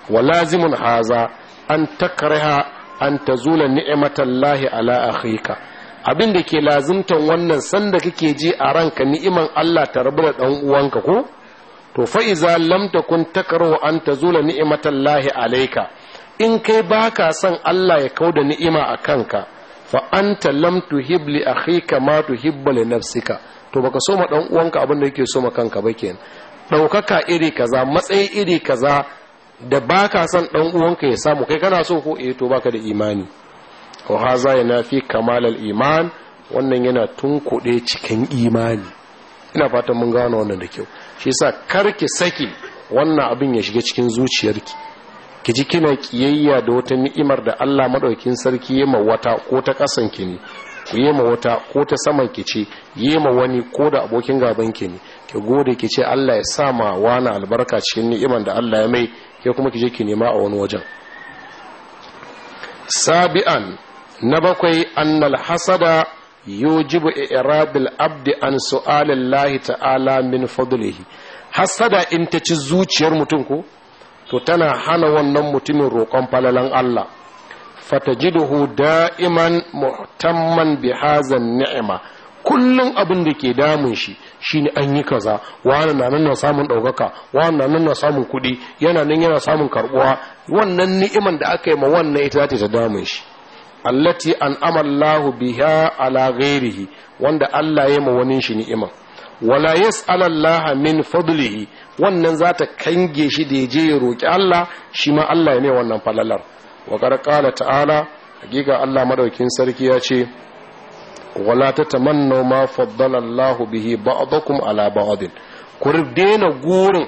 A: walazimun haza an takraha an tazula ni'matallahi ala akhika abin da ke lazimtan wannan sanda kake ji a ranka ni'iman Allah ta rabu da ɗan uwanka ko to fa iza lam takun takrahu an tazula ni'matallahi alayka in kai ba ka son Allah ya kau da ni'ima a kanka fa anta lam tuhib li akhika ma tuhibbu li nafsika to baka so ma dan uwanka abin da yake so ma kanka ba kenan Ɗaukaka iri kaza matsayi iri kaza da ba ka son dan uwanka ya samu kai kana so ko eh to baka da imani wa haza yanafi kamalal iman wannan yana tun tunkuɗe cikin imani ina fatan mun gano wannan da kyau shi yasa karki saki wannan abin ya shiga cikin zuciyarki ki ji kina kiyayya da wata ni'imar da Allah madaukin sarki ya ma wata ko ta kasan ki ne ku yi ma wata ko ta saman ki ce yi ma wani ko da abokin gaban ki ne ki gode ki ce Allah ya sa ma wani albarka cikin ni'imar da Allah ya mai ke kuma ki je ki nema a wani wajen sabi'an na bakwai annal hasada yujibu i'rabil abdi an su'alillahi ta'ala min fadlihi hasada in ta ci zuciyar mutum ko to tana hana wannan mutumin roƙon falalan Allah fatajiduhu da'iman muhtamman bihazan ni'ima kullum abin da ke damun shi shine an yi kaza wani na nan samun ɗaukaka wani na nan samun kuɗi yana nan yana samun karbuwa. wannan ni'iman da aka yi ma wannan ita ta damun shi allati an amallahu biha ala ghairihi wanda Allah ya yi ma wani shi ni'iman wala yas'alallaha min fadlihi wannan za ta kange shi da ya je ya roƙi Allah shi ma Allah ya ne wannan falalar wa qala ta'ala hakika Allah madaukin sarki ya ce wala tamanna ma faddala Allah bihi ba'dakum ala ba'din ku daina gurin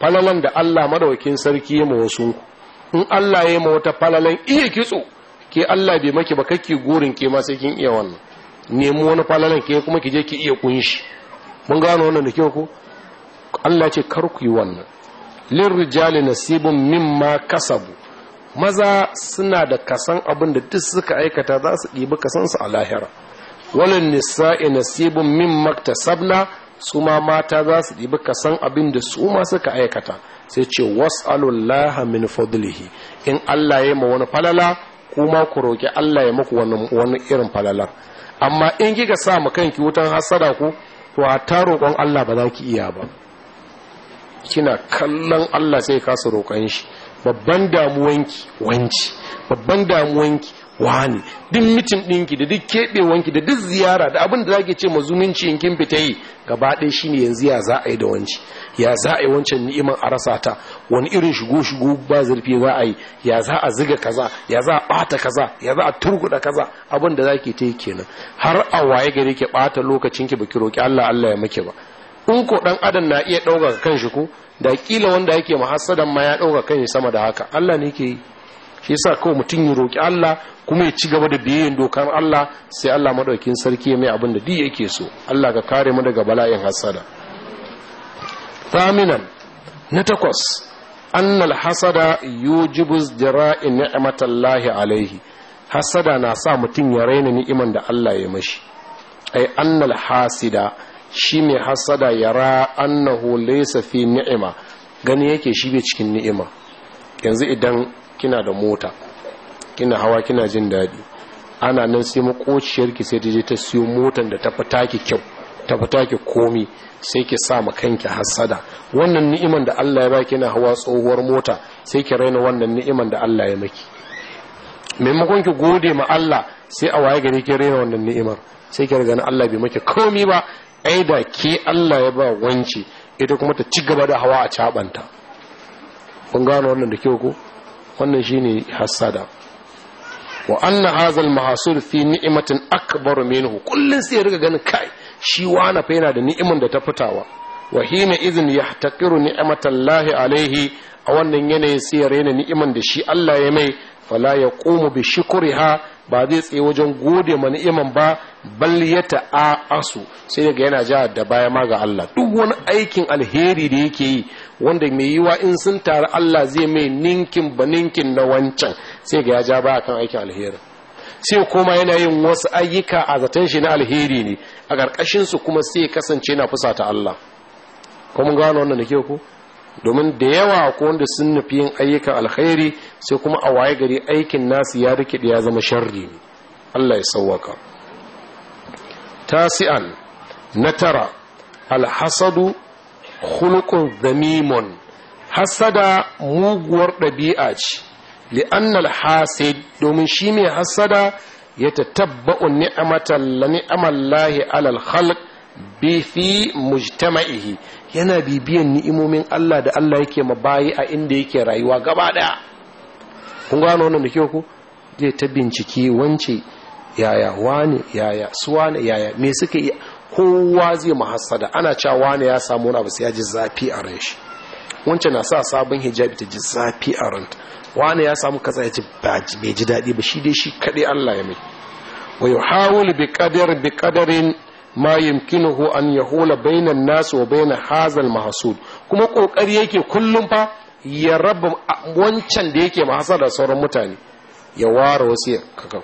A: falalan da Allah madaukin sarki ya ma wasu in Allah ya ma wata falalan iya kitso ke Allah bai maki ba kake gurin ke ma sai kin iya wannan nemo wani falalan ke kuma ki je ki iya kunshi mun gano wannan da kyau ko Allah ce kar ku yi wannan lirrijali nasibun mimma kasabu maza suna da kasan abin da duk suka aikata za su ɗibi kasansu a lahira walin nisa'i nasibun mimma tasabna su ma mata za su ɗibi kasan abin da su ma suka aikata sai ce was'alullaha min fadlihi in Allah ya ma wani falala kuma ku roki Allah ya muku wani irin falala amma in kika sa mu kanki wutan hasada ku to a taron Allah ba za ki iya ba kina kallon Allah sai kasa roƙon shi babban damuwanki wanci babban damuwanki wani duk mitin ɗinki da duk keɓewanki da duk ziyara da abin da zaki ce ma zumunci in kin fita yi gaba ɗaya ne yanzu ya za a yi da wanci ya za a yi wancan ni'iman a rasa ta wani irin shigo shigo ba zurfi za a yi ya za a ziga kaza ya za a ɓata kaza ya za a kaza abin da zaki ta yi kenan har a waye gari ki ɓata lokacin ki ba ki roki Allah Allah ya maki ba in ko dan adam na iya ɗaukaka kanshi ko da kila wanda yake muhassadan ma ya kan shi sama da haka Allah ne ke yi shi yasa ko mutum ya roki Allah kuma ya ci gaba da biyayyen dokar Allah sai Allah madaukin sarki ya mai abin da duk yake so Allah ka kare mu daga bala'in hasada faminan na takwas annal hasada yujibu jira'in ni'matallahi alaihi hasada na sa mutum ya raina ni'iman da Allah ya mashi ai annal hasida shi mai hasada yara annahu laysa fi ni'ima gani yake shi bai cikin ni'ima yanzu idan kina da mota kina hawa kina jin daɗi ana nan sai makociyarki sai ta ta siyo motan da ta fita ki kyau ta fita ki komi sai ki sa ma kanki hasada wannan ni'iman da Allah ya baki na hawa tsohuwar mota sai ki raina wannan ni'iman da Allah ya maki maimakon ki gode ma Allah sai a waye gari ki raina wannan ni'imar sai ki riga Allah bai maki komi ba ai da ke Allah ya ba wance ita kuma ta ci gaba da hawa a cabanta kun gano wannan da kyau ko wannan shine hasada wa anna hadha al fi ni'matin akbar minhu kullun sai riga ganin kai shi wana fa yana da ni'imin da ta fitawa wa hina idhin yahtaqiru ni'matallahi alaihi a wannan yanayin sai ya rena ni'iman da shi Allah ya mai fala ya yaqumu bi shukriha ba zai tsaye wajen gode ma ni'iman ba bal ya asu. sai daga yana ja da baya ma ga Allah duk wani aikin alheri da yake yi wanda mai yiwa in sun taru Allah zai mai ninkin ba ninkin na wancan sai ga ya ja baya kan aikin alheri sai koma yana yin wasu ayyuka a zaton shi na alheri ne a ƙarƙashinsu kuma sai kasance na fusata Allah kuma gano wannan da ke ku domin da yawa ko wanda sun nufi yin ayyukan alkhairi sai kuma a waye gari aikin nasu ya rikide ya zama sharri ne Allah ya sauwaka tasi'an na tara alhasadu khuluqun zamimun hasada muguwar ɗabi'a ce li'annal hasid domin shi mai hasada ya tattabba'u la ni'amallahi alal khalq bi fi mujtama'ihi yana bibiyan ni'imomin Allah da Allah yake ma bayi a inda yake rayuwa gaba daya kun gano wannan da kyau ku zai ta bincike wance yaya wane yaya suwane yaya me suka yi kowa zai mahassada ana cewa wane ya samu wani abu sai ya ji zafi a ran shi wancan na sa sabon hijabi ta ji zafi a ranta wane ya samu katsa ya ji bai ji daɗi ba shi dai shi kaɗai Allah ya mai wa yuhawilu bi qadar bi qadarin ma yumkinuhu an yahula bainan nas wa bain hazal mahsud kuma kokari yake kullum fa ya raba wancan da yake mahasada sauran mutane ya ware wasu ya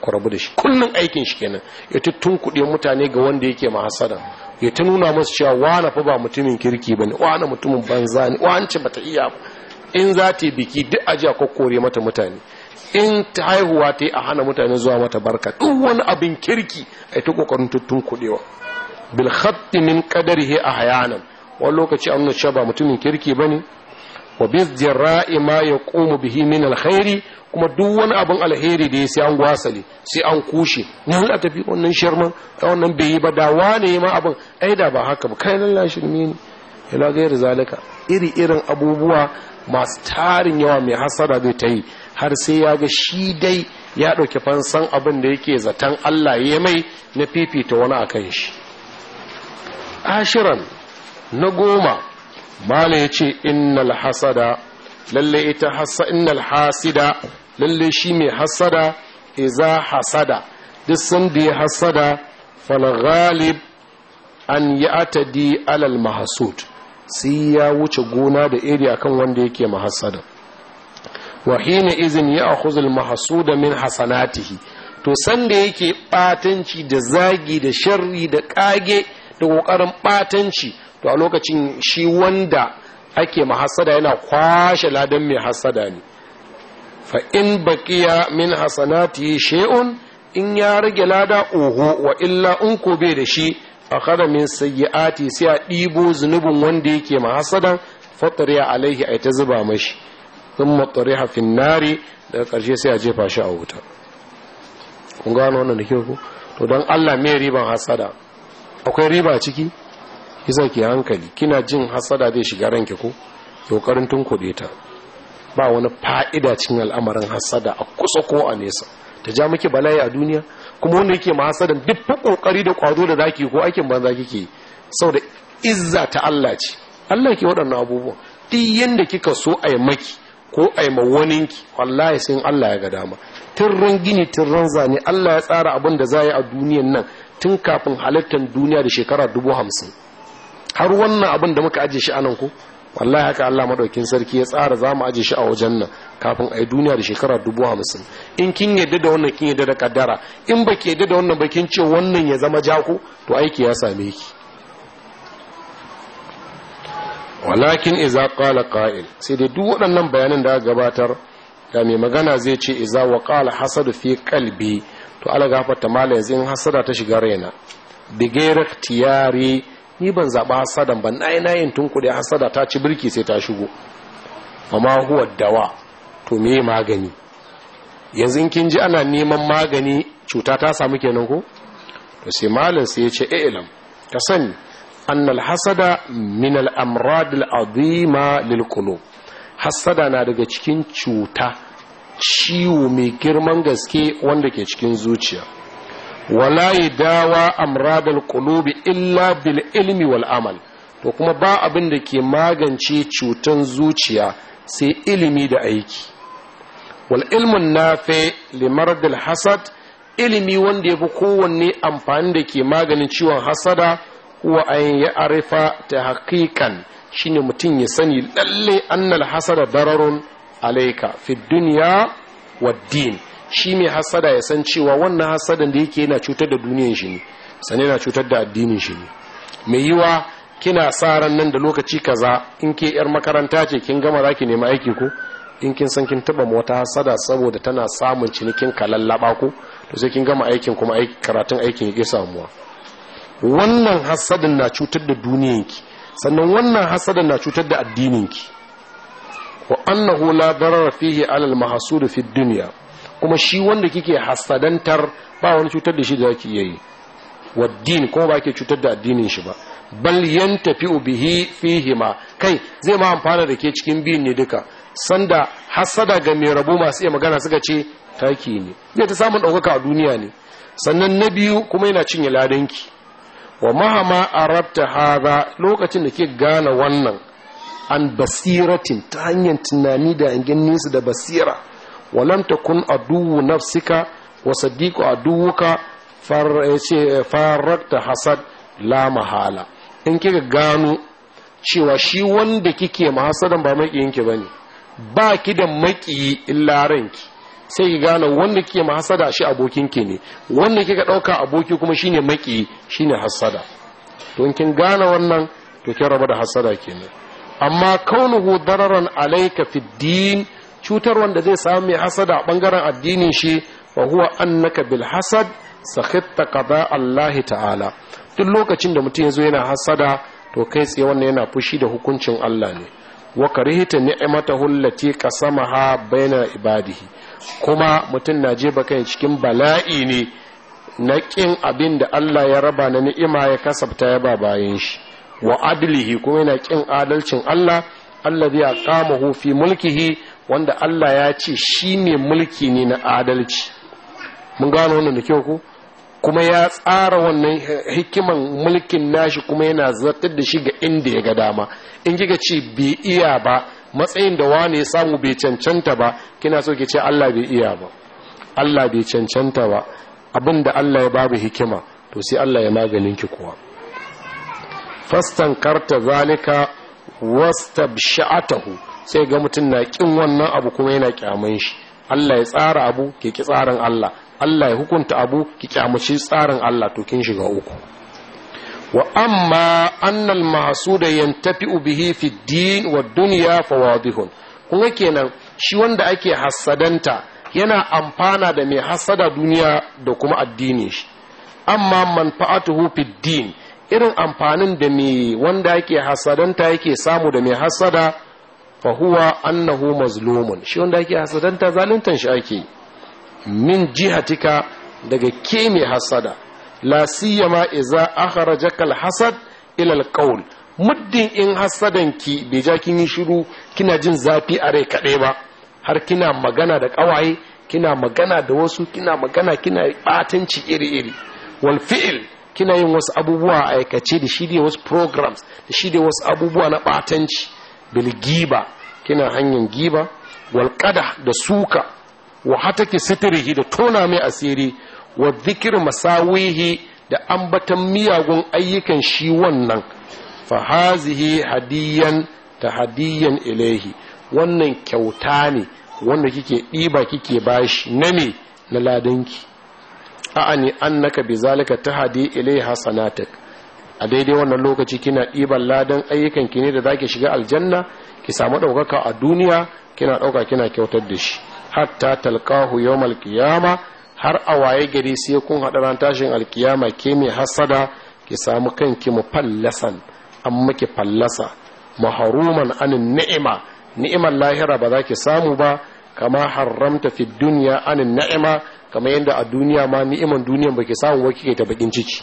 A: karabu da shi kullum aikin shi kenan ya tuttun kuɗin mutane ga wanda yake mahasada ya ta nuna masu cewa wane fa ba mutumin kirki bane wane mutumin banza ne wance bata iya in za ta biki duk aji a kokkore mata mutane in ta haihuwa ta yi a hana mutane zuwa mata barka duk wani abin kirki a ta kokarin tuttun kuɗewa bil khatti min qadarihi ahyanan wani lokaci an nuna ba mutumin kirki bane wa bi jira'i ma yaqumu bihi min kuma duk wani abin alheri da ya sai an gwasale sai an kushe ne a tafi wannan shirman a wannan bai yi ba da wane ma abin ai da ba haka ba kai lalla shirme ne ila gairu zalika iri irin abubuwa masu tarin yawa mai hasara zai ta yi har sai ya ga shi dai ya ɗauki fansan abin da yake zaton Allah ya mai na fifita wani a kan shi ashiran na goma mala ya ce innal hasada lalle ita hasa innal hasida lalle shi mai hasada iza hasada duk sanda ya hasada fal ghalib an yi atadi alal mahasud sai ya wuce gona da iri akan wanda yake mahasada wa hina izin ya huzul mahasuda min hasanatihi to sanda yake batanci da zagi da sharri da kage da kokarin ɓatanci to a lokacin shi wanda ake mahasada yana kwashe ladan mai hasada ne fa in baqiya min hasanati shay'un in ya rage lada oho wa illa in ko bai da shi akhara min sayyiati sai a ɗibo zunubin wanda yake mahasadan fatariya alaihi ay ta zuba mashi Sun tariha fin nari daga ƙarshe sai a jefa shi a wuta kun gano wannan da ku to don Allah me riban hasada akwai riba ciki isa ke hankali kina jin hasada zai shiga ranke ko kokarin kuɗe ta ba wani fa'ida cikin al'amarin hasada a kusa ko a nesa ta ja miki bala'i a duniya kuma wanda yake ma hasadan duk fa kokari da kwazo da zaki ko aikin banza kike saboda izza ta Allah ce Allah ke waɗannan abubuwan duk yanda kika so a yi maki ko a yi mawaninki wallahi sai Allah ya ga dama tirran gini tirran zane Allah ya tsara abin da za yi a duniyan nan tun kafin halittar duniya da shekara dubu hamsin har wannan abin da muka aje shi anan ku wallahi haka Allah maɗaukin sarki ya tsara za mu aje shi a wajen nan kafin a yi duniya da shekara dubu hamsin in kin yadda da wannan kin yadda da kaddara in ba ki yadda da wannan ba kin ce wannan ya zama jako to aiki ya same ki walakin iza qala ka'il sai dai duk waɗannan bayanan da aka gabatar da mai magana zai ce iza wa qala hasadu fi qalbi to ala gafarta mala yanzu in hasada ta shiga raina bigera tiyari ni ban zaɓi hasadan ba na yin tun kuɗi hasada ta ci birki sai ta shigo amma huwa dawa to me magani yanzu in kin ji ana neman magani cuta ta samu kenan ko to sai malam sai ya ce ilam ka sani annal hasada min al amrad al azima lil qulub hasada na daga cikin cuta ciwo mai girman gaske wanda ke cikin zuciya wala dawa amradal kulubi illa bil ilmi wal amal to kuma ba abin da ke magance cutan zuciya sai ilimi da aiki wal ilmun nafe limardil hasad ilimi wanda ya fi kowanne amfani da ke maganin ciwon hasada ko an ya arifa ta hakikan shine mutum ya sani lalle annal hasada dararun alaika fi duniya wa din shi mai hasada ya san cewa wannan hasadan da yake yana cutar da duniyan shi ne sannan yana cutar da addinin shi ne mai yiwa kina sa ran nan da lokaci kaza in ke yar makaranta ce kin gama za ki nemi aiki ko in kin san kin taba wata hasada saboda tana samun cinikin lallaba ko to sai kin gama aikin kuma karatun aikin ya samuwa wannan hasadin na cutar da duniyanki sannan wannan hasadin na cutar da addinin ki. wa annahu la darara fihi alal mahsud fi dunya kuma shi wanda kike hasadantar ba wani cutar da shi da zaki yi wa din kuma ba ke cutar da addinin shi ba bal yantafi bihi fihi ma kai zai ma amfana da ke cikin biyun ne duka sanda hasada ga mai rabu masu iya magana suka ce taki ne zai ta samun ɗaukaka a duniya ne sannan na biyu kuma yana cinye ladanki wa mahama arabta haza lokacin da ke gane wannan an basiratin ta hanyar tunani da hangen nesa da basira walam kun aduwu nafsika wa sadiku aduwuka eh, eh, ta hasad la mahala in kika gano cewa shi wanda kike mahasadan ba makiyinki bane ba ki da maƙiyi illa ranki sai ki gane wanda kike mahasada shi abokinki ne wanda kika dauka aboki kuma shine makiyi shine hasada to in kin gane wannan to kin da hasada kenan amma kaunuhu dararan alaika fi din cutar wanda zai samu mai hasada a bangaren addinin shi wa huwa annaka bil hasad sakhitta qada Allah ta'ala duk lokacin da mutum yazo yana hasada to kai tsaye wannan yana fushi da hukuncin Allah ne wa karihta ni'matahu allati qasamaha baina ibadihi kuma mutum na je baka cikin bala'i ne na kin abin da Allah ya raba na ni'ima ya kasabta ya ba bayan shi wa adlihi kuma yana kin adalcin Allah Allah allazi yaqamahu fi mulkihi wanda Allah ya ce shi ne mulki ne na adalci mun gano wannan da kyau ko kuma ya tsara wannan hikiman mulkin nashi kuma yana zartar da shi ga inda ya ga dama in kika ce bi iya ba matsayin da wani ya samu bai cancanta ba kina so ki ce Allah bai iya ba Allah bai cancanta ba abinda Allah ya babu hikima to sai Allah ya maganin ki kuwa fastankarta zalika sha'atahu sai ga mutum na ƙin wannan abu kuma yana kyaman shi Allah ya tsara abu ke ki tsarin Allah Allah ya hukunta abu ki kyamaci tsarin Allah to kin shiga uku wa amma annal mahsuda yantafi'u bihi fi din wa dunya fawadihun kuma kenan shi wanda ake hasadanta yana amfana da mai hasada duniya da kuma addinin shi amma manfa'atuhu fi din irin amfanin da mai wanda yake hasadanta yake samu da mai hasada fahuwa annahu mazlumun shi wanda yake hasadanta zaluntan shi ake min jihatika daga ke mai hasada la siyama iza akhrajaka alhasad ila alqaul muddin in hasadan ki bai ja kin yi shiru kina jin zafi a rai kaɗai ba har kina magana da ƙawaye kina magana da wasu kina magana kina batanci iri-iri wal fi'il kina yin wasu abubuwa a aikace da shi wasu programs da shi wasu abubuwa na batanci bilgiba kina hanyar giba walƙada da suka wa hataki sitirihi da tona mai asiri wa zikir masawihi da ambatan miyagun ayyukan shi wannan fa hadiyan ta hadiyan ilahi wannan kyauta ne wanda kike ɗiba kike bashi na me na ladanki a'ani annaka bi zalika tahdi ilai hasanatak a daidai wannan lokaci kina ɗiban ladan ayyukan ki ne da zaki shiga aljanna ki samu ɗaukaka a duniya kina ɗauka kina kyautar da shi hatta talqahu yawmal qiyama har a waye gari sai kun haɗa ran tashin alkiyama ke mai hasada ki samu kanki mu fallasan an miki fallasa maharuman anin ni'ima ni'imar lahira ba za ki samu ba kama haramta fi duniya anin ni'ima kamar yadda a duniya ma ni'iman duniyan ke samun waki ta bakin ciki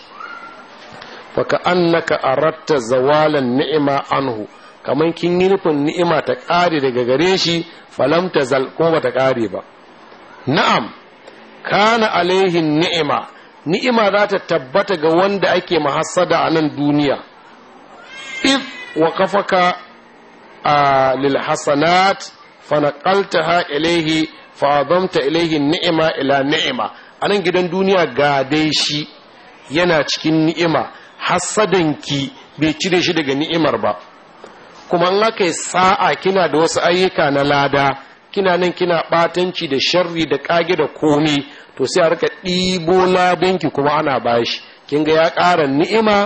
A: fa ka annaka aratta zawalan ni'ima anhu kamar kin yi nufin ni'ima ta kare daga gare shi falam ta zal ko ba ta kare ba na'am kana alaihin ni'ima ni'ima za ta tabbata ga wanda ake mahassada a nan duniya if wa kafaka a lil hasanat fa naqaltaha ilaihi fa'azamta ilaihi ni'ima ila ni'ima a nan gidan duniya ga dai shi yana cikin ni'ima hasadanki bai cire shi daga ni'imar ba kuma in aka yi sa'a kina da wasu ayyuka na lada kina nan kina batanci da sharri da kage da komi to sai a rika ɗibo ladanki kuma ana bashi kin ga ya ƙara ni'ima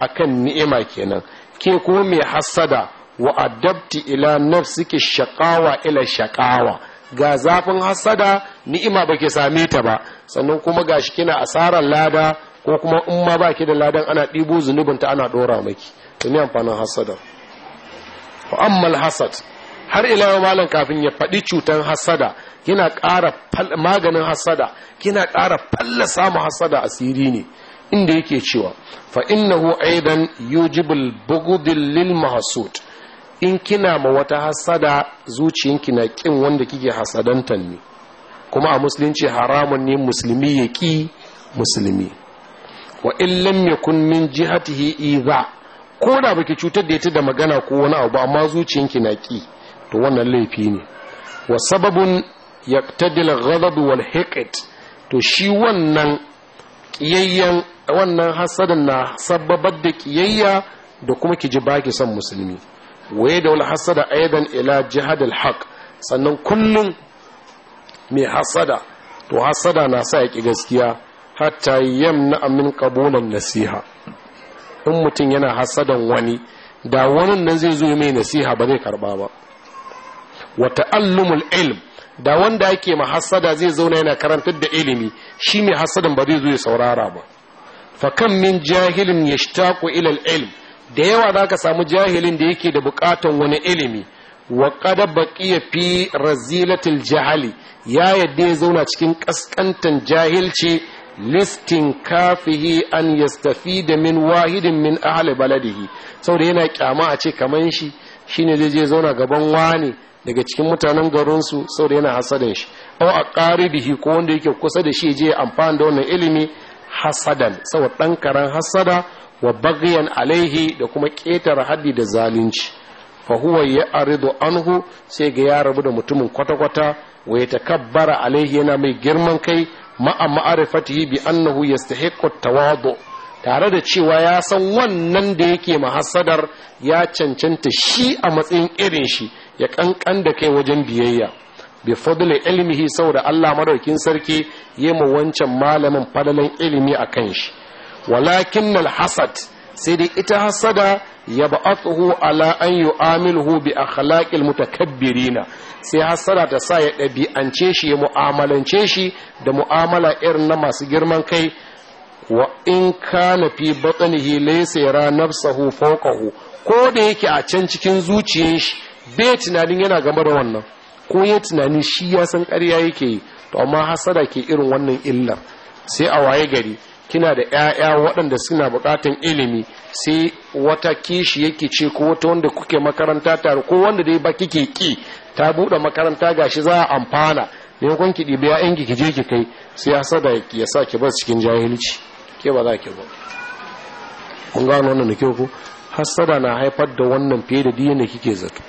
A: akan ni'ima kenan ke kuma mai hassada wa adabti ila nafsiki shaqawa ila shaqawa ga zafin hassada ni'ima ba ke same ta ba sannan kuma ga shi kina asarar lada ko kuma in ma ba ki da ladan ana ɗibo zunubinta ana ɗora maki to ni amfanin hassada wa ammal hasad har ila yau malam kafin ya faɗi cutar hasada, kina ƙara maganin hassada kina ƙara fallasa mu hassada asiri ne inda yake cewa fa innahu aidan yujibul Bugudil, lil mahsud in kina ma wata hasada zuciyinki na kin wanda kike hasadantan ne kuma a musulunci haramun ne musulmi ya ki musulmi wa in lam yakun min jihatihi idha ko da baki cutar da ita da magana ko wani abu amma zuciyinki na ki to wannan laifi ne wa sababun yaqtadil ghadab wal hiqat to shi wannan ƙiyayyen, wannan hasadan na sababar da kiyayya da kuma ki ji baki son musulmi waye da wani hasada aidan ila jihad alhaq sannan kullum mai hasada to hasada na sa yaki gaskiya hatta yamna amin qabulan nasiha in mutum yana hasadan wani da wani nan zai zo mai nasiha ba zai karba ba wa ta'allumul ilm da wanda yake ma hasada zai zauna yana karantar da ilimi shi mai hasadan ba zai zo ya saurara ba fa kam min jahilin yashtaqu ila al-ilm da yawa za ka samu jahilin da yake da bukatan wani ilimi wa kada ya fi razilatul jahali ya yadda ya zauna cikin kaskantan jahilci listin kafihi an da min wahidin min ahli baladihi saboda yana kyama a ce kaman shi shine zai je zauna gaban wani daga cikin mutanen garinsu saboda yana hasadan shi da aqaribihi ko wanda yake kusa da shi je amfani da wannan ilimi hasadan saboda ɗan karan hasada wa bagiyan alaihi da kuma ƙetare haddi da zalunci fa huwa ya aridu anhu sai ga ya rabu da mutumin kwata-kwata wa ya takabbara alaihi yana mai girman kai ma'a ma'arifatihi bi annahu yastahiqqu tawadu tare da cewa ya san wannan da yake mahassadar ya cancanta shi a matsayin irin shi ya kankan da kai wajen biyayya bi fadli ilmihi saboda Allah madaukin sarki yema wancan malamin fadalan ilimi a kan shi walakin hassad sai dai ita hasada ya ba'athu ala an yu'amilhu bi ta mutakabbirina sai hassada ta sa ya ɗabi'ance shi ya mu'amalance shi da mu'amala irin na masu girman kai wa in kana fi batnihi laysa yara nafsahu fawqahu ko da yake a can cikin zuciyar shi bai tunanin yana game da wannan ko ya tunani shi ya san ƙarya yake yi to amma hasada ke irin wannan illar sai a waye gari kina da yaya waɗanda suna buƙatan ilimi sai wata kishi yake ce ko wata wanda kuke makaranta tare ko wanda dai ba kike ki ta buɗe makaranta gashi za a amfana ne kun ki ɗibi ƴaƴan ki je ki kai sai ya sada ya sa ki bar cikin jahilci ke ba za ki ba kun gano wannan ke ku hasada na haifar da wannan fiye da diyan da kike zato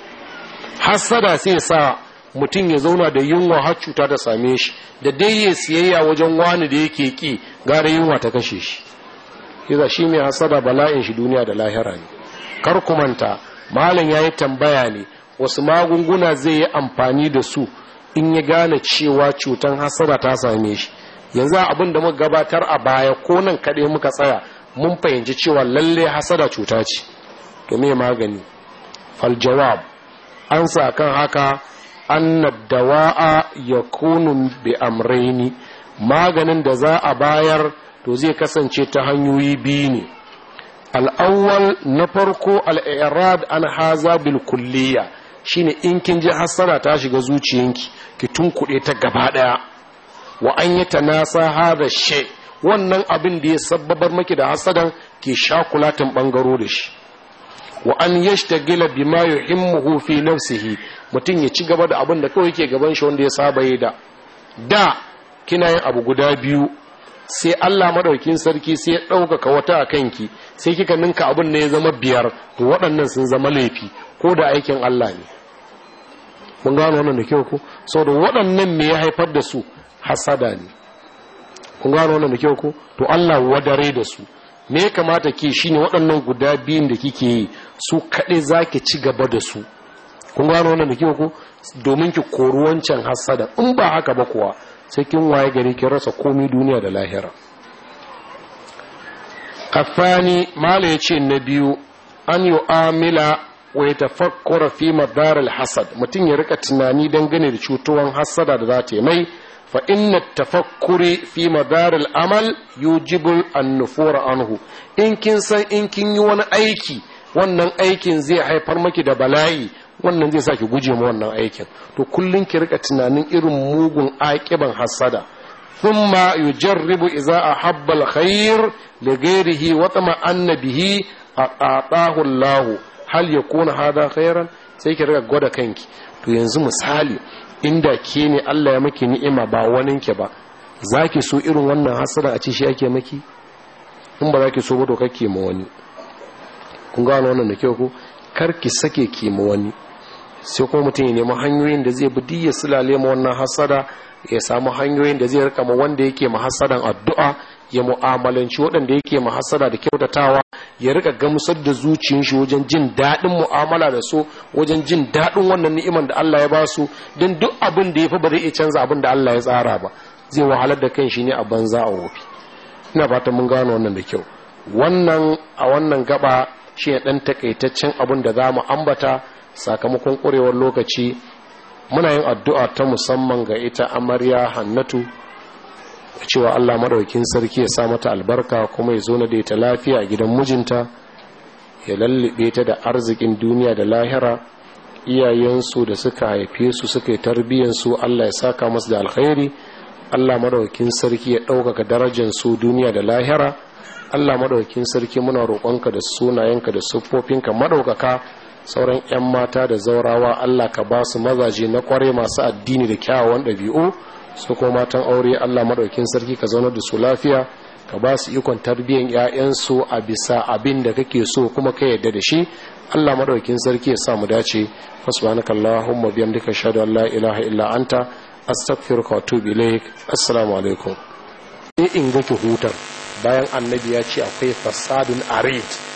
A: hasada sai sa mutum ya zauna da yunwa har cuta ta same shi da dai ya siyayya wajen wani da yake ki gara yunwa ta kashe shi yaza shi mai hasada bala'in shi duniya da lahira ne kar ku manta malam yi tambaya ne wasu magunguna zai yi amfani da su in ya gane cewa cutan hasada ta same shi yanzu abin da muka gabatar a baya ko nan kaɗai muka tsaya mun fahimci cewa lalle hasada cuta ce to me magani fal jawab an sa kan haka anna dawa'a yakunu bi amraini maganin da za a bayar to zai kasance ta hanyoyi biyu ne al'awwal na farko al'irad an haza bil kulliya shine in kin ji hassara ta shiga zuciyanki ki kuɗe ta gaba ɗaya wa an yi tanasa hada she wannan abin da ya sabbabar maki da hasadan ki shakulatin ɓangaro da shi wa an yashtagila bima yuhimmuhu fi nafsihi mutum ya ci gaba da abin da kawai yake gaban shi wanda ya saba yi da da kina yin abu guda biyu sai Allah madaukin sarki sai ya ɗaukaka wata a kanki sai kika ninka abin da ya zama biyar to waɗannan sun zama laifi ko da aikin Allah ne mun gano wannan da kyau ko saboda waɗannan me ya haifar da su hasada ne kun gano wannan da kyau ko to Allah wadare da su me ya kamata ke shine waɗannan guda biyun da kike yi su kaɗai za ki ci gaba da su kun gano wannan da kiwa ku domin ki kori wancan hassada in ba haka ba kuwa sai kin waye gari ki rasa komi duniya da lahira afani mala ya ce na biyu an yi amila wa ya tafakkura fi madarar hasad mutum ya rika tunani dangane da cutuwan hassada da za ta yi mai fa inna tafakkuri fi madarar amal yujibul an nufura anhu in kin san in kin yi wani aiki wannan aikin zai haifar maki da bala'i wannan zai sa ki guje ma wannan aikin to kullun ki rika tunanin irin mugun aqiban hasada thumma yujarribu idza ahabba alkhair li ghairihi wa tama'anna bihi aqatahu Allah hal yakuna hada khairan sai ki rika gwada kanki to yanzu misali inda ke ne Allah ya maki ni'ima ba wanin ki ba zaki so irin wannan hasada a ci shi ake maki in ba zaki so ba to kake ma wani kun gano wannan da kyau ko kar ki sake ki mu wani sai kuma mutum ya nemi hanyoyin da zai bi ya sulale mu wannan hasada ya samu hanyoyin da zai rika mu wanda yake mu hasadan addu'a ya mu'amalanci waɗanda yake mu hasada da kyautatawa ya rika gamsar da zuciyar shi wajen jin daɗin mu'amala da su wajen jin daɗin wannan ni'imar da Allah ya ba su don duk abin da ya fi ba zai iya canza abin da Allah ya tsara ba zai wahalar da kan shi ne a banza a wofi ina fata mun gano wannan da kyau wannan a wannan gaba shi ɗan takaitaccen abin da za mu ambata sakamakon ƙurewar lokaci muna yin addu'a ta musamman ga ita amarya hannatu cewa allah maɗaukin sarki ya sa mata albarka kuma ya zo na da ta lafiya a gidan mijinta ya lallube ta da arzikin duniya da lahira iyayensu da suka haife su suka yi tarbiyyansu allah ya saka masu da alkhairi allah maɗaukin sarki ya ɗaukaka darajar su duniya da lahira Allah maɗaukin sarki muna roƙonka da sunayenka da siffofinka maɗaukaka sauran yan mata da zaurawa Allah ka ba su mazaje na kware masu addini da kyawawan ɗabi'u su ko matan aure Allah maɗaukin sarki ka zauna da su lafiya ka ba su ikon tarbiyyan 'ya'yansu a bisa abin da kake so kuma ka yarda da shi Allah maɗaukin sarki ya sa mu dace subhanaka allahumma bihamdika ashhadu an la ilaha illa anta astaghfiruka wa atubu ilaik assalamu alaikum in ga ki hutar bayan annabi ya ce akwai fasadun arid